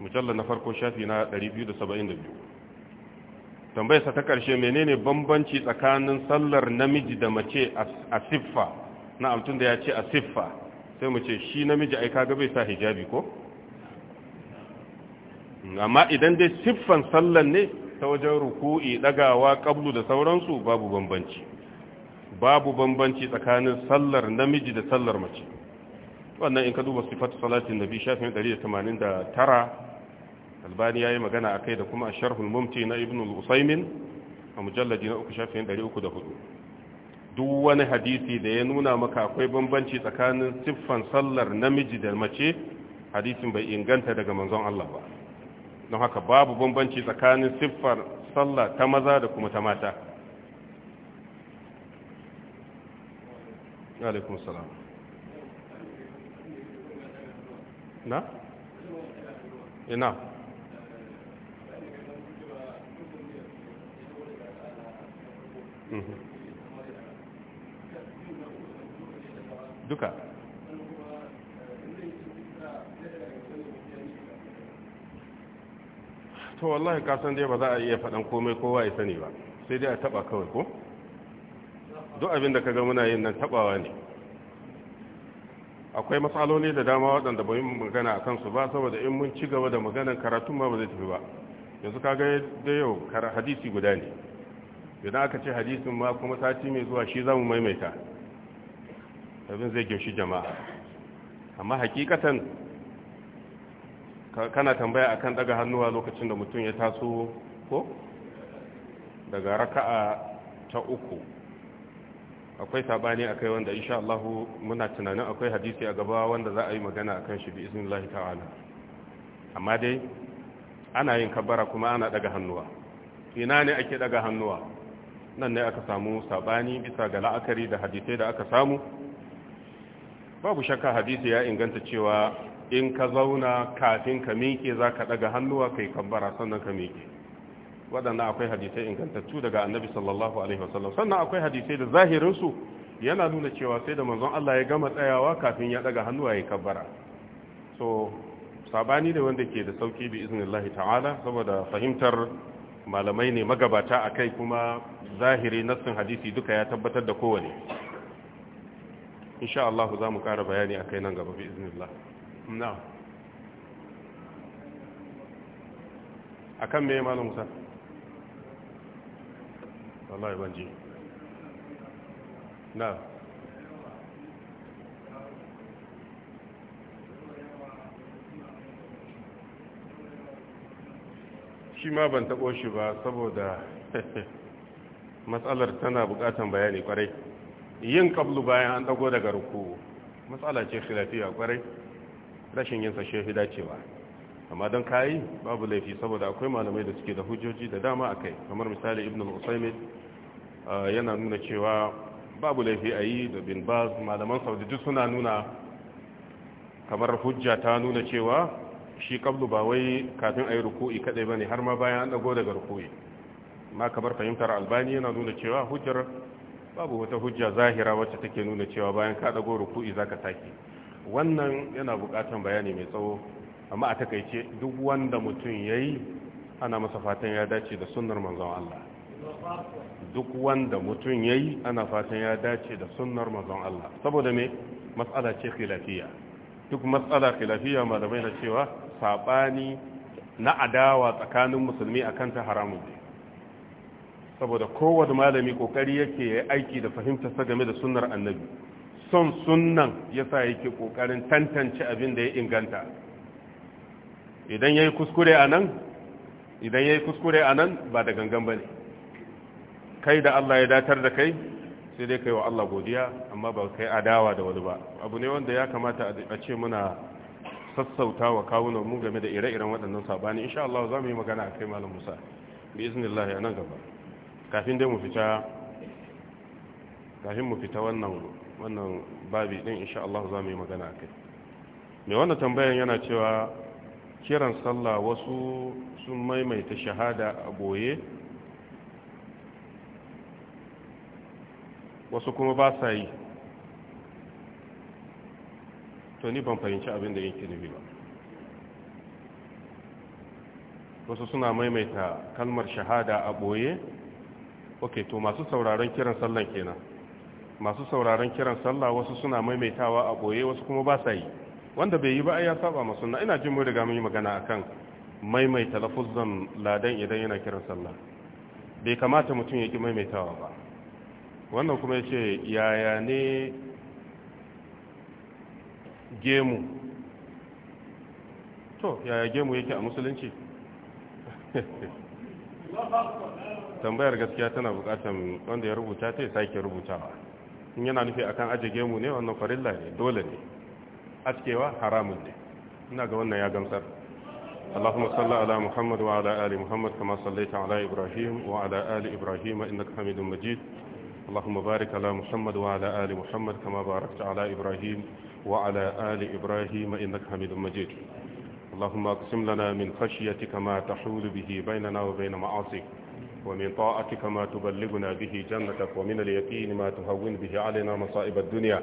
mujalla na farko shafi na 272 tambayarsa ta karshe menene bambanci tsakanin sallar namiji da mace a siffa na amtun da ya ce a siffa sai mu ce shi namiji ai kaga bai sa hijabi ko amma idan dai siffan sallar ne ta wajen ruku'i dagawa kablu da sauransu babu bambanci babu bambanci tsakanin sallar namiji da sallar mace wannan in ka duba sifatu salatin nabi shafin 189 albani yayi magana akai da kuma sharhul mumti na ibn al-usaymin a mujallaji na uku shafin 304 duk wani hadisi da ya nuna maka akwai bambanci tsakanin siffan sallar namiji da mace hadisin bai inganta daga manzon Allah ba don haka babu bambanci tsakanin siffar sallar ta maza da kuma ta mata alaikum salam na ina mhm. duka to wallahi kasan dai ba za a iya faɗan komai kowa ya sani ba sai dai a taɓa kawai ko duk abin da ka ga muna yin nan taɓawa ne akwai matsaloli da dama waɗanda bai magana a kansu ba saboda in mun ci gaba da maganar karatun ma ba zai tafi ba yanzu ka ga da yau hadisi guda ne idan aka ce hadisin ma kuma sati mai zuwa shi za mu maimaita abin zai gyaushi jama'a amma hakikatan kana tambaya akan ɗaga hannuwa lokacin da mutum ya taso ko daga raka'a ta uku akwai sabani akai wanda insha Allah muna tunanin akwai hadisi a gaba wanda za a yi magana akan shi bi iznillahi ta'ala amma dai ana yin kabbara kuma ana daga hannuwa ina ne ake daga hannuwa nan ne aka samu sabani bisa ga la'akari da hadisai da aka samu babu shakka hadisi ya inganta cewa in ka zauna kafin ka miƙe zaka ka ɗaga hannuwa kai kabbara sannan ka miƙe waɗannan akwai hadisai ingantattu daga annabi sallallahu alaihi wasallam sannan akwai hadisai da zahirinsu yana nuna cewa sai da manzon Allah ya gama tsayawa kafin ya daga hannuwa ya kabbara so sabani ne wanda ke da sauki bi iznillahi ta'ala saboda fahimtar malamai ne magabata akai kuma zahiri nassin hadisi duka ya tabbatar da kowane insha Allah za mu ƙara bayani akai nan gaba bi iznillah na'am akan me malam Musa wallahi ban ji na shi ma ban taɓo shi ba saboda matsalar tana buƙatan bayani ƙwarai yin kablu bayan an ɗago daga ruku matsala ce filafiya ƙwarai rashin yinsa fi dacewa amma don kayi babu laifi saboda akwai malamai da suke da hujjoji da dama a kai kamar misali ibn al-usaimin ah, yana nuna cewa babu laifi a yi da bin baz malaman saudi duk suna nuna kamar hujja ta nuna cewa shi kablu ba wai kafin a yi ruku'i kadai ba ne har ma bayan an dago daga ruku'i ma kamar fahimtar albani yana nuna cewa hujjar babu wata hujja zahira wacce take nuna cewa bayan ka dago ruku'i zaka sake wannan yana bukatan bayani mai tsawo amma a takaice duk wanda mutum ya yi ana masa fatan ya dace da sunar manzon Allah duk wanda mutum ya yi ana fatan ya dace da sunar manzon Allah saboda me matsala ce khilafiya duk matsala khilafiya da bayyana cewa sabani na adawa tsakanin musulmi akan ta haramun ne saboda kowane malami kokari yake ya aiki da sa game da sunnar annabi son sunnan yasa yake kokarin tantance abin da ya inganta idan ya yi kuskure nan idan yi kuskure nan ba da gangan ba ne kai da Allah ya datar da kai sai dai kai wa Allah godiya amma ba kai adawa da wani ba abu ne wanda ya kamata a ce muna sassauta wa kawunan mu game da ire-iren waɗannan sabani insha Allah za mu yi magana a kai malam Musa bi iznillah ya nan gaba kafin dai mu fita kafin mu fita wannan wannan babi din insha Allah za mu yi magana a kai me wannan tambayan yana cewa kiran sallah wasu sun maimaita shahada a boye wasu kuma ba sa yi to ni ban fahimci abin da yake nufi ba wasu suna maimaita kalmar shahada a boye ok to masu sauraron kiran sallah kenan masu sauraron kiran sallah wasu suna maimaitawa a boye wasu kuma ba sa yi wanda bai yi ba ya saba ma sunna ina jin mai riga mun yi magana akan maimaita lafuzan ladan idan yana kiran sallah bai kamata mutum ya ki maimaitawa ba wannan kuma yace yaya ne gemu to yaya gemu yake a musulunci tambayar gaskiya tana bukatar wanda ya rubuta ta ya sake rubutawa in yana nufi akan aje gemu ne wannan farilla ne dole ne askewa haramun ne ina ga wannan ya gamsar اللهم صل على محمد وعلى آل محمد كما صليت على إبراهيم وعلى آل إبراهيم إنك حميد مجيد اللهم بارك على محمد وعلى آل محمد كما باركت على إبراهيم وعلى آل إبراهيم إنك حميد مجيد اللهم اقسم لنا من خشيتك ما تحول به بيننا وبين معاصيك ومن طاعتك ما تبلغنا به جنتك ومن اليقين ما تهون به علينا مصائب الدنيا